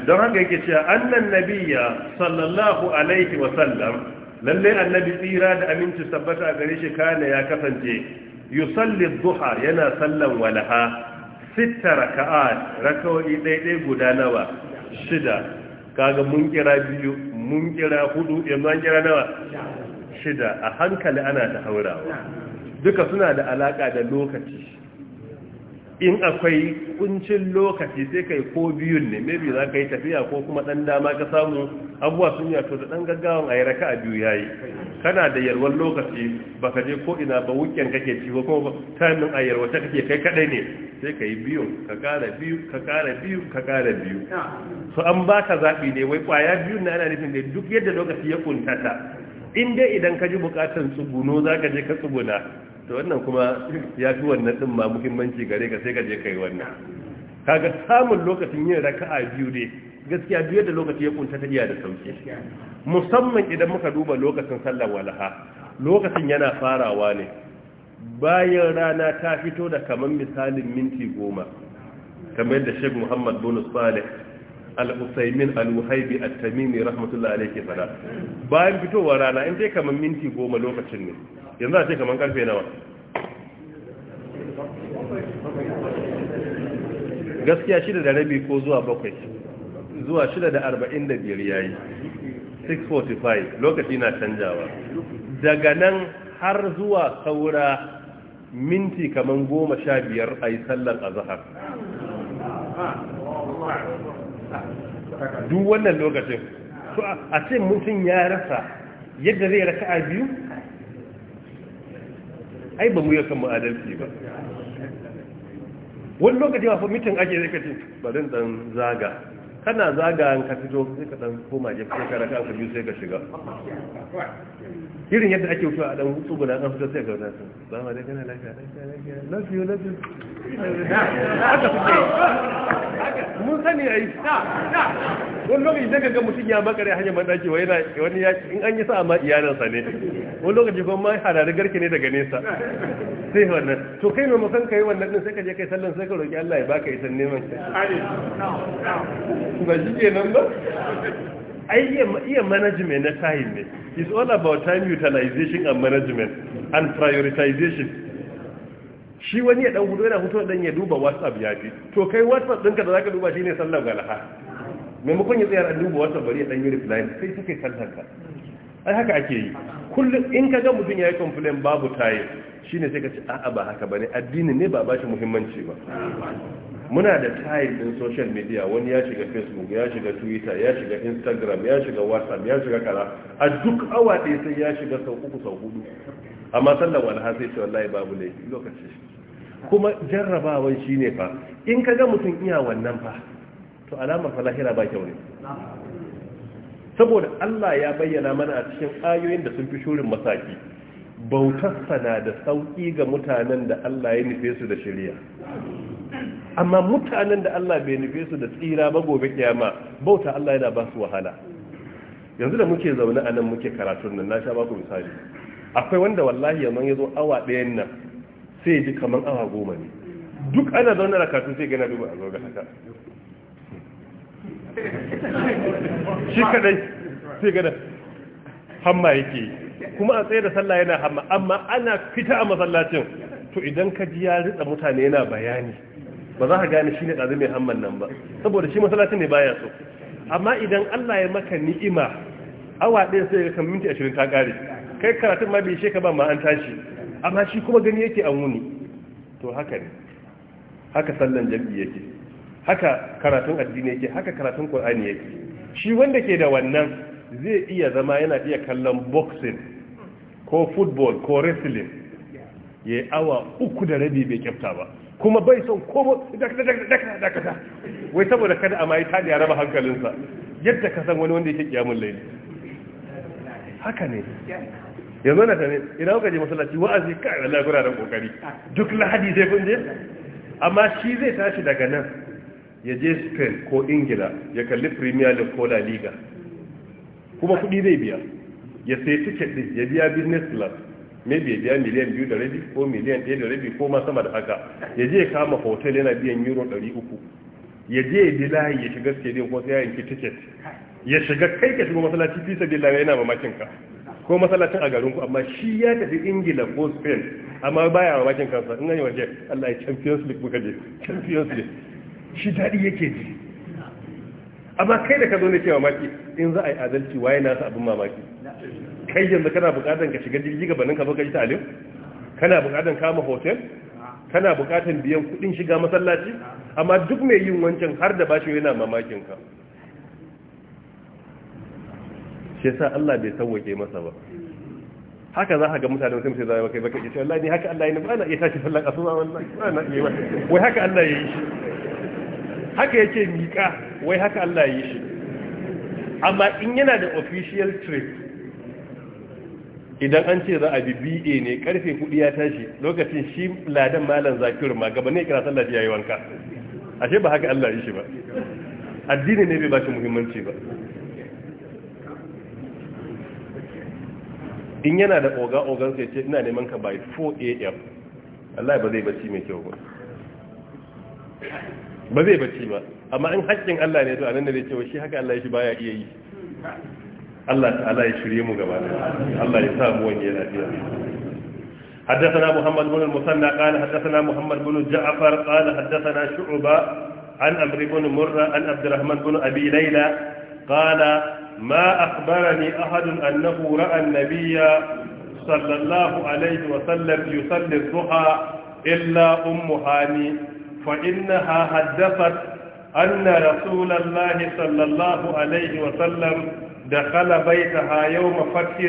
don haka yake cewa annan nabiya sallallahu alaihi wasallam Lallai annabi tsira da aminci tabbata a gare shi kana ya kasance yusalli duha yana sallan walaha sitta raka'at raka'o'i ɗaiɗai guda nawa shida kaga mun kira biyu mun kira hudu yanzu eh, an kira nawa shida a hankali ana ta haurawa duka suna da alaka da lokaci in akwai kuncin lokaci sai kai ko biyun ne maybe za ka yi tafiya ko kuma ɗan dama ka samu abuwa sun yi to da dan gaggawan a yi a biyu yayi kana da yarwar lokaci ba ka je ko ina ba wuken kake ci ba kuma tamin a yalwata kake kai kadai ne sai ka yi biyu ka kara biyu ka kara biyu ka kara biyu so an ba ka zaɓi ne wai kwaya biyun na ana nufin da duk yadda lokaci ya kuntata in dai idan ka ji buƙatar tsuguno za ka je ka tsuguna to wannan kuma ya fi wannan din ma muhimmanci gare ka sai ka je kai wannan kaga samun lokacin yin raka'a biyu ne gaskiya biyu da lokaci ya kunta ta iya da sauki musamman idan muka duba lokacin sallar walaha lokacin yana farawa ne bayan rana ta fito da kamar misalin minti goma kamar yadda shek muhammad bonus salih al-usaimin al-wahaibi at-tamimi rahmatullahi alayhi fada bayan fitowa rana in dai kaman minti goma lokacin ne yanzu a ce kaman karfe nawa gaskiya shida da rabi ko zuwa bakwai zuwa shida da arba'in da biyar yayi 645 lokaci na canjawa daga nan har zuwa saura minti kaman goma sha biyar a yi sallar azahar duk wannan lokacin so a ce mutum ya rasa yadda zai raka a biyu ai ba mu yi kan adalci ba wani lokacin a famitin ake zai kacin ba dan zaga kana zagayen ka fito sai ka dan koma jefi sai ka raka ka biyu sai ka shiga irin yadda ake wuce a dan hutu guda dan fito sai ka wata sai ba ma dai kana lafiya lafiya na lafiya haka suke mun sani ai wani lokaci sai ka ga mutum ya makare hanyar madaki wai wani ya in an yi sa ma sa ne wani lokaci kuma ma harare garke ne daga nesa sai wannan to kai mai makan kai wannan din sai ka je kai sallan sai ka roki Allah ya baka isan neman ka ba shi ke nan ba ai iya management na time ne it's all about time utilization and management and prioritization shi wani ya dan hudu yana hutu dan ya duba whatsapp ya fi to kai whatsapp ɗinka da zaka duba shi ne sallar galaha maimakon ya tsayar a duba whatsapp bari ya dan yi reply sai take sallar ka ai haka ake yi kullum in ka ga mutum ya yi complain babu tayin shine sai ka ci a'a ba haka bane addini ne ba ba shi muhimmanci ba muna da tayil din social media wani ya shiga facebook ya shiga twitter ya shiga instagram ya shiga whatsapp ya shiga kala a duk awa ɗaya sai ya shiga sau uku sau hudu amma sallan wani sai ce wallahi babu laifi lokaci kuma jarrabawan shine fa in ka ga mutum iya wannan fa to alamar fa ba kyau ne saboda Allah ya bayyana mana a cikin ayoyin da sun fi shirin masaki bautarsa na da sauƙi ga mutanen da Allah ya nufe su da shirya amma mutanen da Allah bai nufe su da tsira ba gobe kiyama bauta Allah yana ba su wahala yanzu da muke zaune a nan muke karatu nan na sha ba misali akwai wanda wallahi yanzu ya zo awa ɗayan nan sai ya ji kamar awa goma ne duk ana zaune da karatu sai gana duba a zo ga haka shi kadai sai gana hamma yake kuma a tsaye da sallah yana hamma amma ana fita a masallacin to idan ka ji ya ritsa mutane yana bayani ba za ka gane shi ne ɗazi mai hamman nan ba saboda shi masalacin ne baya so amma idan Allah ya maka ni'ima awa ɗaya sai ka minti ashirin ta ƙare kai karatun ma bai ishe ka ba ma an tashi amma shi kuma gani yake an wuni to haka ne haka sallan jam'i yake haka karatun addini yake haka karatun qur'ani yake shi wanda ke da wannan zai iya zama yana iya kallon boxing ko football ko wrestling ya yi awa uku da rabi bai kyafta ba kuma bai son komo dakata wai saboda kada a mai taliya ya raba hankalinsa yadda ka san wani wanda yake kiyamun laili haka ne yanzu na tane idan kuka je masallaci wa'azi ka Allah gura da kokari duk lahadi sai kun je amma shi zai tashi daga nan ya je Spain ko Ingila ya kalli Premier League ko La Liga kuma kudi zai biya ya sai ticket ɗin ya biya business class maybe biya miliyan biyu da rabi ko miliyan ɗaya da rabi ko ma sama da haka ya je kama hotel yana biyan euro ɗari uku ya je ya bi layi ya shiga stadium ko sai ya yanki ticket ya shiga kai ka shiga masallaci fi layi yana mamakin ka ko masallacin a garin ku amma shi ya tafi ingila ko spain amma baya mamakin kansa in yi waje Allah ya champions league muka je champions league shi daɗi yake ji amma kai da ka zo ne cewa maki in za a yi adalci waye na sa abin mamaki kai yanzu kana bukatan ka shiga jirgi gabanin ka zo ka yi talim kana bukatan kama hotel kana bukatan biyan kudin shiga masallaci amma duk mai yin wancan har da bashi yana mamakin ka shi yasa Allah bai sauke masa ba haka za ka ga mutane mutum sai zai kai baka ce wallahi ni haka Allah ya ba na iya tashi sallan asuba wallahi na iya wai haka Allah ya yi shi haka yake mika wai haka Allah ya yi shi amma in yana da official trip idan an ce za a bi ba ne karfe kudi ya tashi lokacin shi ladan malam zakiru ma gaba ne kira sallah ya yi wanka ashe ba haka Allah yi shi ba addini ne bai ba shi muhimmanci ba in yana da oga ogan sai ce ina neman ka by 4 am Allah ba zai bacci mai kyau ba ba zai bacci ba amma in haƙƙin Allah ne to anan ne zai ce shi haka Allah shi baya iya yi Allah ta'ala ya shirye mu gaba Allah ya sa mu wani lafiya حدثنا محمد بن المثنى قال حدثنا محمد بن جعفر قال حدثنا شعبة عن أمر بن مرة عن عبد الرحمن بن أبي ليلى قال ما أخبرني أحد أنه رأى النبي صلى الله عليه وسلم يصلي الضحى إلا أم هاني فإنها حدثت أن رسول الله صلى الله عليه وسلم دخل بيتها يوم فتح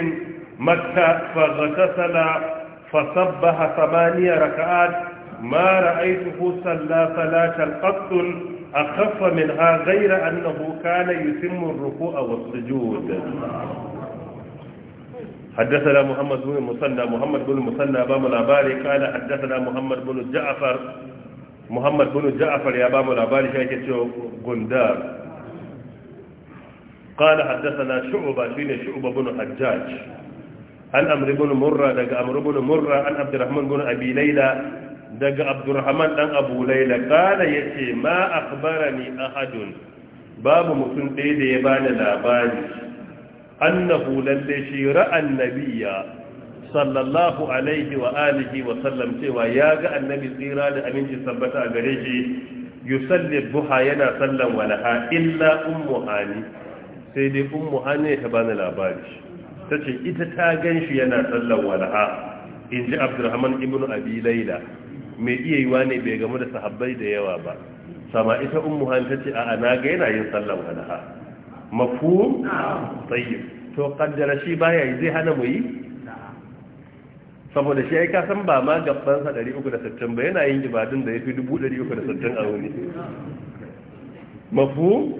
مكة فاغتسل فصبح ثمانية ركعات ما رأيته صلى صلاة قط أخف منها غير أنه كان يتم الركوع والسجود حدثنا محمد بن المثنى محمد بن المثنى بام الأباري قال حدثنا محمد بن جعفر محمد بن جعفر يا بام الأباري شاكي غندار قال حدثنا شعبة شين شعبة بن حجاج عن أمر بن مرة دق أمر بن مرة عن عبد الرحمن بن أبي ليلى دق عبد الرحمن عن أبو ليلى قال يتي ما أخبرني أحد باب مسن ديدي بان لاباني أنه للشي رأى النبي صلى الله عليه وآله وسلم سوى ياغ النبي صيرا لأمين جسبت أغريشي يسلب بها ينا سلم ولها إلا أم هاني sai dai ummu hanya ta bani labari ta ce ita ta gan shi yana sallan wala'a in ji abdurrahman ibn abi laila mai iya yi ne bai gamu da sahabbai da yawa ba sama ita ummu hanya ta ce a'a na ga yana yin sallan wala'a mafhum tayyib to kaddara shi baya yi zai hana mu yi saboda shi ya san ba ma gabansa 360 ba yana yin ibadun da ya fi 360 a wuni mafu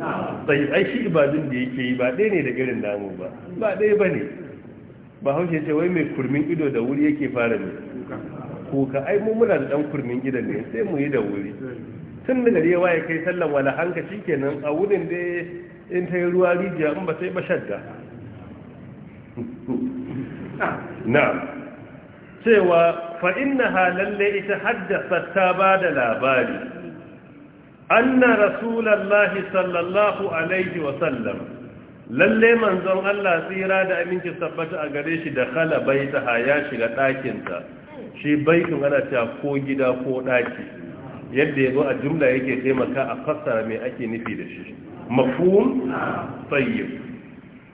sai ai shi ibadun da yake yi ba ɗaya ne da irin namu ba ba ɗaya ba ne ba haushe ce wai mai kurmin ido da wuri yake fara ne kuka ai mu muna da ɗan kurmin gidan ne sai mu yi da wuri tun da gari yawa ya kai sallan wala hanka shi kenan a wurin da in ta yi ruwa rijiya in ba sai ba shadda na cewa fa'in na halalle ita haddasa ta ba da labari anna rasulallahi sallallahu alaihi wasallam lalle manzon Allah tsira da aminci tabbata a gare shi da khala baitaha ya shiga ɗakinta shi baitin ana cewa ko gida ko ɗaki yadda yazo a jumla yake taimaka a fassara me ake nufi da shi mafhum tayyib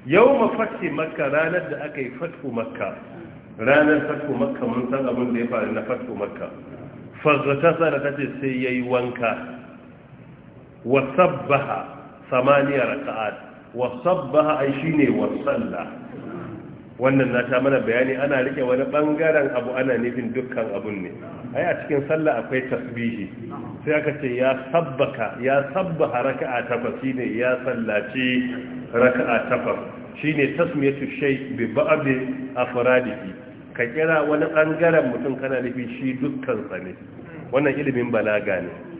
yawma fathi makka ranar da aka yi fatku makka ranar fatku makka mun san abin da ya faru na fathu makka fazata da kace sai yayi wanka Wasabbaha samaniya raka'at Wasabbaha ai shine wasalla. wannan na ta mana bayani ana rike wani bangaren abu ana nufin dukkan abun ne ai a cikin sallah akwai tasbihi sai aka ce ya sabbaka ya sabbaha raka'a takwas shine ya sallaci raka'a takwas shine tasmiyatu shay bi ba'd afradihi ka kira wani bangaren mutum kana nufi shi dukkan sa ne wannan ilimin balaga ne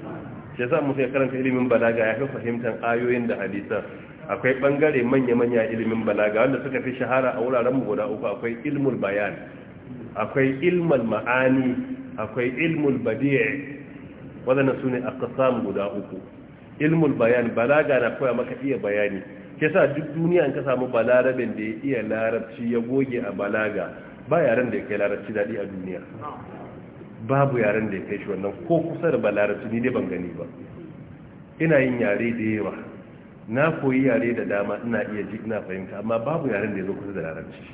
ya sa musu ya karanta ilimin balaga ya fi fahimtar ayoyin da hadisan akwai bangare manya-manya ilimin balaga wanda suka fi shahara a wuraren guda uku akwai ilmul bayan akwai ilmul ma'ani akwai ilmul badiya wadannan su ne aqsam guda uku ilmul bayan balaga na koya maka iya bayani ke sa duk duniya in ka samu balarabin da ya iya larabci ya goge a balaga ba yaren da ya kai larabci daɗi a duniya babu yaren da ya kai shi wannan ko kusa da balarasu ni dai ban gani ba ina yin yare da yawa na koyi yare da dama ina iya ji ina fahimta amma babu yaren da ya zo kusa da larabci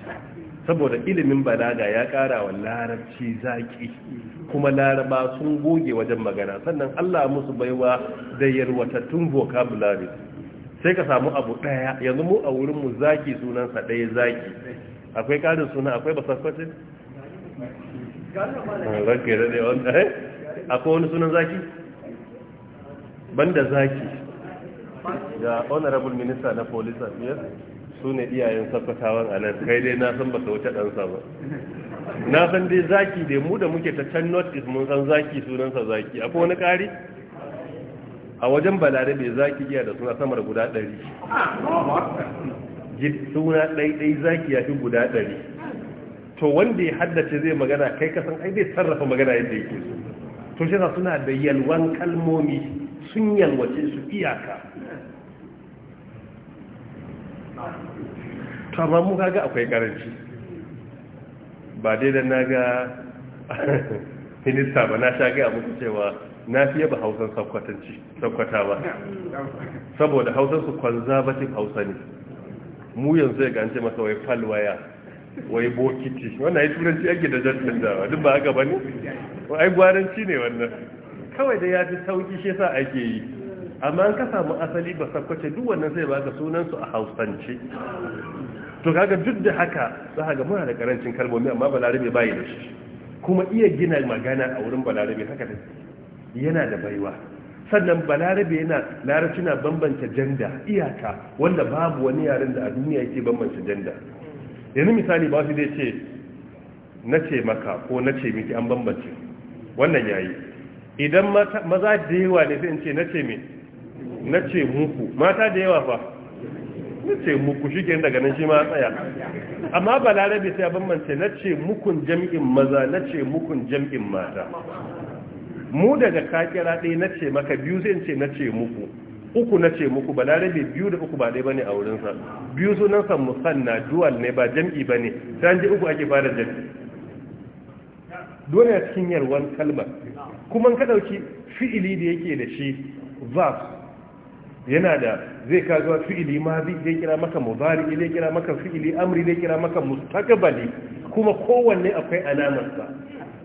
saboda ilimin balaga ya kara wa larabci zaki kuma laraba sun goge wajen magana sannan Allah musu baiwa da yarwatattun vocabulary sai ka samu abu daya yanzu mu a wurin mu zaki sunan sa daya zaki akwai karin suna akwai basakwatin ranke da wanda ya eh? akwai wani sunan zaki banda zaki ya honorable minister na police affairs su ne iyayen sabbatawan a nan kai dai na san baka wuce ɗansa ba na san dai zaki dai mu da muke ta can not east mun san zaki sunansa zaki akwai wani ƙari a wajen balarabe zaki iya da suna samar guda ɗari ah, suna ɗaiɗai zaki ya fi guda ɗari to wanda ya haddace zai magana kai kasan ai zai sarrafa magana yadda yake so to shi suna da yalwan kalmomi sun yalwace su iyaka to amma mu kaga akwai karanci ba dai da na ga minista ba na sha gaya muku cewa na fiye ba hausan sakwata ba saboda hausansu ba hausa ne mu yanzu ya gance masa wai falwaya wai bokiti wannan ai turanci ake da jantar da duk ba haka ba ne ai gwaranci ne wannan kawai da ya fi sauki shi sa ake yi amma an ka samu asali ba sakwace duk wannan sai ba ka sunansu a hausance to kaga duk da haka za ga muna da karancin kalmomi amma balarabe bayi da shi kuma iya gina magana a wurin balarabe haka da yana da baiwa sannan balarabe yana larabci na bambanta janda iyaka wanda babu wani yaren da a duniya yake bambanta janda yanzu misali ba su zai ce na ce maka ko na ce miki an bambance wannan yayi idan maza da yawa ne zai ce na ce mi na ce muku mata da yawa fa na ce muku shi ke daga nan shi ma tsaya amma balarabe sai bambance na ce mukun jam'in maza na ce mukun jam'in mata mu daga kakira ɗaya na ce maka biyu zai ce na ce muku uku na ce muku larabe biyu da uku ba ɗaya bane a wurinsa biyu sunansa musanna dual ne ba jam'i bane ta ji uku ake fara jam'i dole cikin yarwan kalmar kuma ka ɗauki fi'ili da yake da shi verb yana da zai ka zuwa fi'ili ma bi zai kira maka mudari zai kira maka fi'ili amri zai kira maka mustaqbali kuma kowanne akwai alamarsa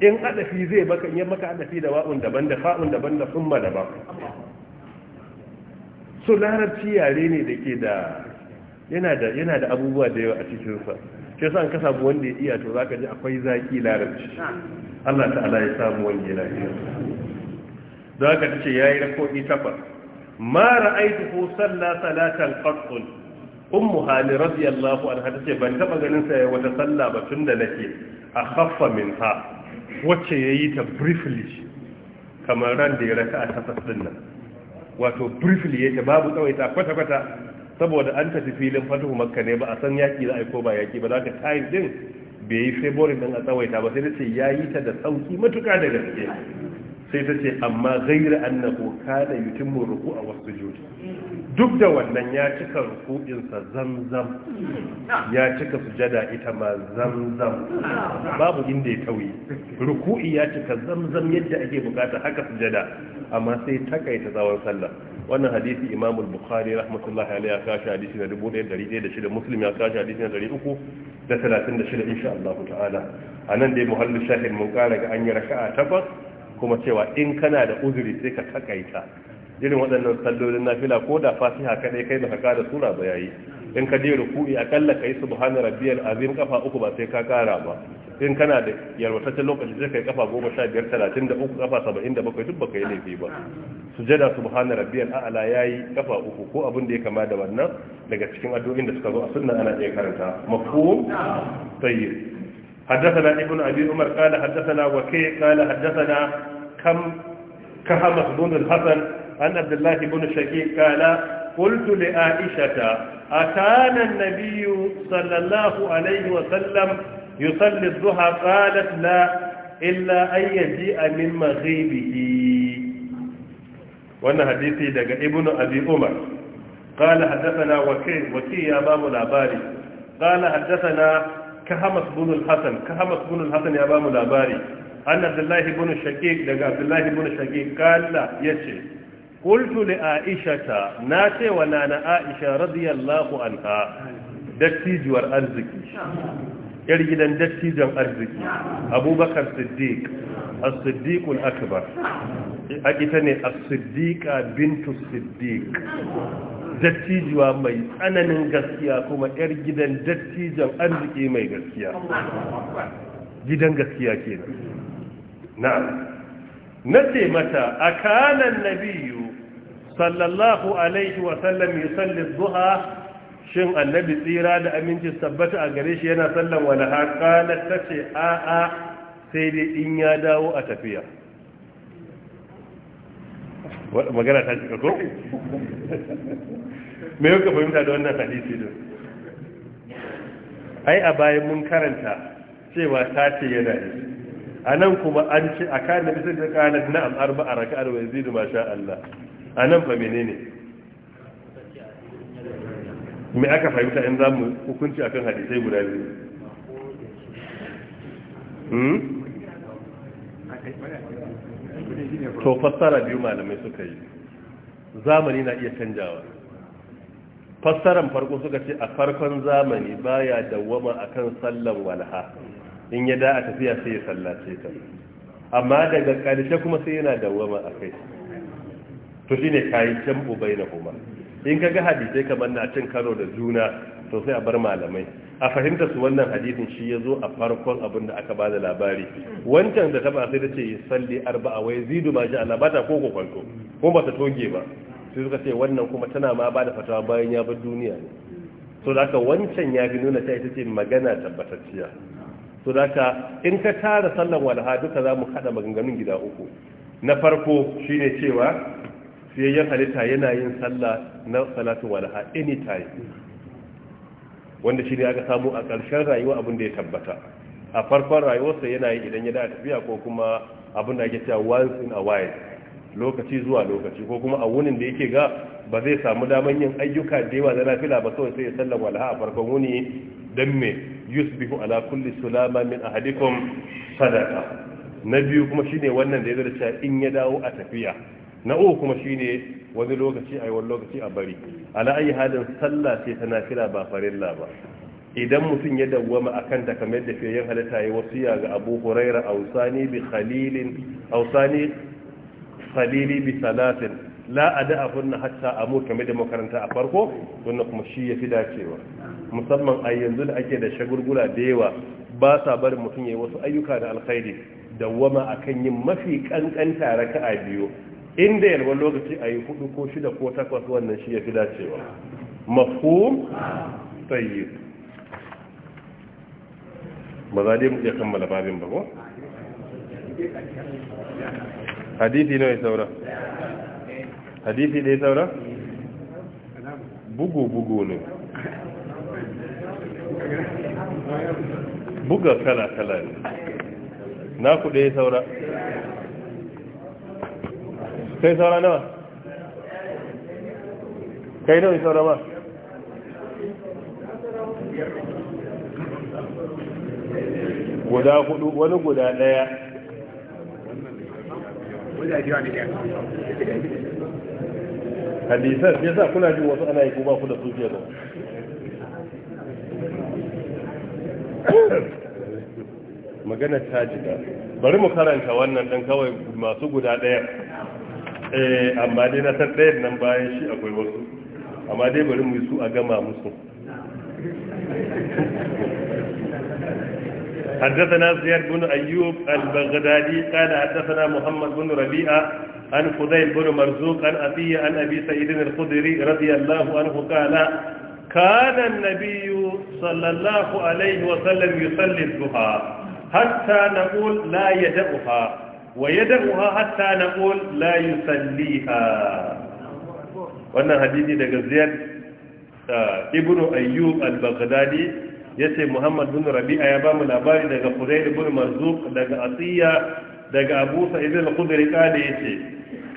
in adafi zai baka in maka adafi da wa'un daban da fa'un daban da summa daban so larabci yare ne da ke da yana da abubuwa da yawa a cikinsa ke sa an kasa wanda ya iya to za ka ji akwai zaki larabci Allah ta'ala ya samu wani lafiya za ka ce ya yi rakoɗi takwas ma ra'aitu ko sallah salatan qatl ummu hali radiyallahu anha ce. ban taɓa ganin sa yayin wata sallah ba da nake a khaffa ha, wacce yayi ta briefly kamar ran da ya raka a tafas din nan wato briefly yake babu tsawaita kwata-kwata saboda an tafi filin fatuhu makka ne ba a san yaki za a yi ko ba yaki ba za ka time din bai yi favorin din a tsawaita ba sai dace ce ya yi ta da sauki matuka da gaske sai ta ce amma zaira ghaira annahu kana ruku a wasu sujud duk da wannan ya cika ruku'in zamzam ya cika sujada ita ma zamzam babu inda ya tauye ruku'i ya cika zamzam yadda ake bukata haka sujada amma sai takaita tsawon sallah wannan hadisi Imam al-Bukhari rahmatullahi alaihi ya kashi hadisi na 1106 Muslim ya kashi hadisi na 336 insha Allah ta'ala anan dai muhallin shahid mun kara ga an yi raka'a takwas kuma cewa in kana da uzuri sai ka takaita irin waɗannan sallolin fila ko da fatiha kaɗai kai baka da sura ba yayi in ka je ruku'i akalla kai subhana rabbiyal azim kafa uku ba sai ka kara ba in kana da yarwataccen lokaci sai kai kafa da uku kafa bakwai duk baka yi laifi ba su sujada subhana rabbiyal ya yayi kafa uku ko abin da ya kama da wannan daga cikin addu'o'in da suka zo a sunna ana iya karanta mafhum tayyib حدثنا ابن أبي عمر قال حدثنا وكيع قال حدثنا كم كهمس بن الحسن عن عبد الله بن شقيق قال قلت لعائشة أكان النبي صلى الله عليه وسلم يصلي الضحى قالت لا إلا أن يجيء من مغيبه wannan hadisi daga ibnu abi umar qala hadathana wakil wakil ya bamu labari qala hadathana kahamas bin al-hasan kahamas bin al-hasan ya bamu labari an abdullahi bin shaqiq daga abdullahi bin shaqiq kalla yace qultu li aishata na ce wa nana aisha radiyallahu anha dattijuwar arziki yar gidan dattijan arziki abubakar siddiq as-siddiqul akbar ita ne as bintu siddiq dattijuwa mai tsananin gaskiya kuma 'yar gidan dattijan arziki mai gaskiya gidan gaskiya kenan na nace mata kanan nabiyu sallallahu alaihi wa sallam yusalli zuha shin annabi tsira da aminci tabbata a gare shi yana sallan wala haqala tace a a sai dai in ya dawo a tafiya magana ta cika ko me yau ka fahimta da wannan hadisi din ai a bayan mun karanta cewa ta ce yana yi a nan kuma an ce a kayan nabi sai kayan na'am ba a raka arba da masha Allah a nan fa ne? me aka fahimta in za mu hukunci akan hadisai guda biyu hmm? to fassara biyu malamai suka yi zamani na iya canjawa fassaran farko suka ce a farkon zamani baya dawwama akan sallan walha in ya da a tafiya sai ya sallace ta amma daga ƙarshe kuma sai yana dawwama a kai to shine kayi can bai na kuma in ka kaga hadisai kamar na cin karo da juna to sai a bar malamai a fahimta su wannan hadisin shi ya zo a farkon abin da aka bada labari wancan da taba sai da ce salli arba'a wai zidu ma ji Allah bata koko kwanto ko ba ta toge ba sai suka ce wannan kuma tana ma bada fatawa bayan ya bar duniya ne so da haka wancan ya fi nuna ta ita ce magana tabbatacciya so da haka in ka tara sallan walha duka za mu haɗa maganganun gida uku na farko shine cewa yan halitta yana yin sallah na salatu walha anytime wanda shi ne aka samu a ƙarshen rayuwa abin da ya tabbata a farkon rayuwarsa yana yi idan ya da tafiya ko kuma abin da ake cewa once in a while lokaci zuwa lokaci ko kuma a wunin da yake ga ba zai samu daman yin ayyuka da yawa na lafiya ba kawai sai ya sallama walha a farkon wuni dan me yusbihu ala kulli sulama min ahadikum sadaqa na biyu kuma shine wannan da ya zara in ya dawo a tafiya na uku kuma shine wani lokaci a wani lokaci a bari ala ayi halin sallah ce ta nafila ba farilla ba idan mutum ya dawwama akan ta kamar da fiye halata ya wasiya ga abu huraira ausani bi khalilin ausani khalili bi salatin la ada hunna hatta amut kamar da makaranta a farko wannan kuma shi ya fi dacewa musamman a yanzu da ake da shagulgula da yawa ba sa barin mutum ya yi wasu ayyuka da alkhairi dawwama akan yin mafi kankan ka raka'a biyu inda yalwa lokaci a yi hudu ko shida ko takwas wannan shi ya fi dacewa mafhum tsayi ba za dai ya kammala babin ba ko? hadithi nawa ya saura? hadithi ya saura? bugu-bugu ne buga kala-kala ne na ku ya saura kai saura nawa kai nawa saura ma guda hudu wani guda daya hadisar ya sa kuna jin wasu ana yi kuma ba ku da su jiya magana ta jida bari mu karanta wannan dan kawai masu guda daya eh amma dai na san ɗayan nan bayan shi akwai wasu amma dai bari mu yi su a gama musu حدثنا زياد بن أيوب البغدادي قال حدثنا محمد بن ربيعة عن خذيل بن مرزوق عن أبي عن أبي سعيد الخدري رضي الله عنه قال كان النبي صلى الله عليه وسلم يصلي الضحى حتى نقول لا يدعها wa yad'uha hatta naqul la yusalliha wannan hadisi daga ziyad ibnu ayyub al-baghdadi yace muhammad bin rabi'a ya ba mu labari daga qudayr ibn marzuq daga asiya daga abu sa'id al-khudri kale yace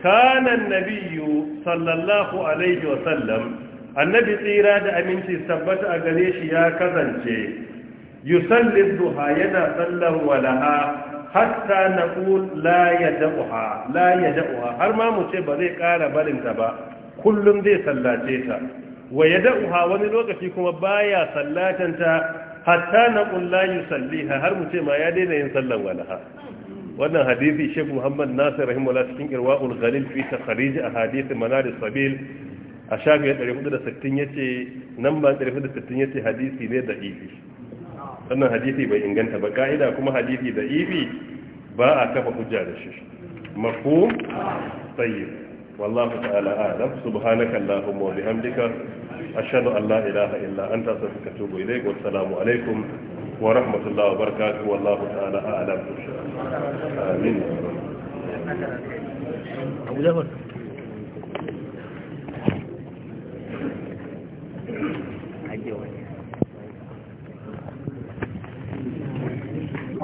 kana an-nabiyyu sallallahu alaihi wa sallam annabi tsira da aminci tabbata a gare shi ya kasance yusalli duha yana sallan walaha hatta na la ya da'uha la ya da'uha har ma mu ce ba zai ƙara barinta ba kullum zai sallace ta wa ya da'uha wani lokaci kuma baya sallatan ta hatta na la yusalliha har mu ce ma ya daina yin sallan walaha wannan hadisi Sheikh Muhammad Nasir rahimahullah cikin Irwaul Ghalil fi takhrij ahadith manar sabil a shafi 460 yace nan ba 460 yace hadisi ne da'ifi wannan hadisi bai inganta ba ka'ida kuma hadisi da ibi ba a kafa hujja da shi mafhum tsayi wallahu ta'ala a'lam subhanaka allahumma wa bihamdika ashhadu an la ilaha illa anta astaghfiruka wa atubu ilayk wa assalamu alaikum wa rahmatullahi wa barakatuh wallahu ta'ala a'lam amin Abu Jafar Thank you.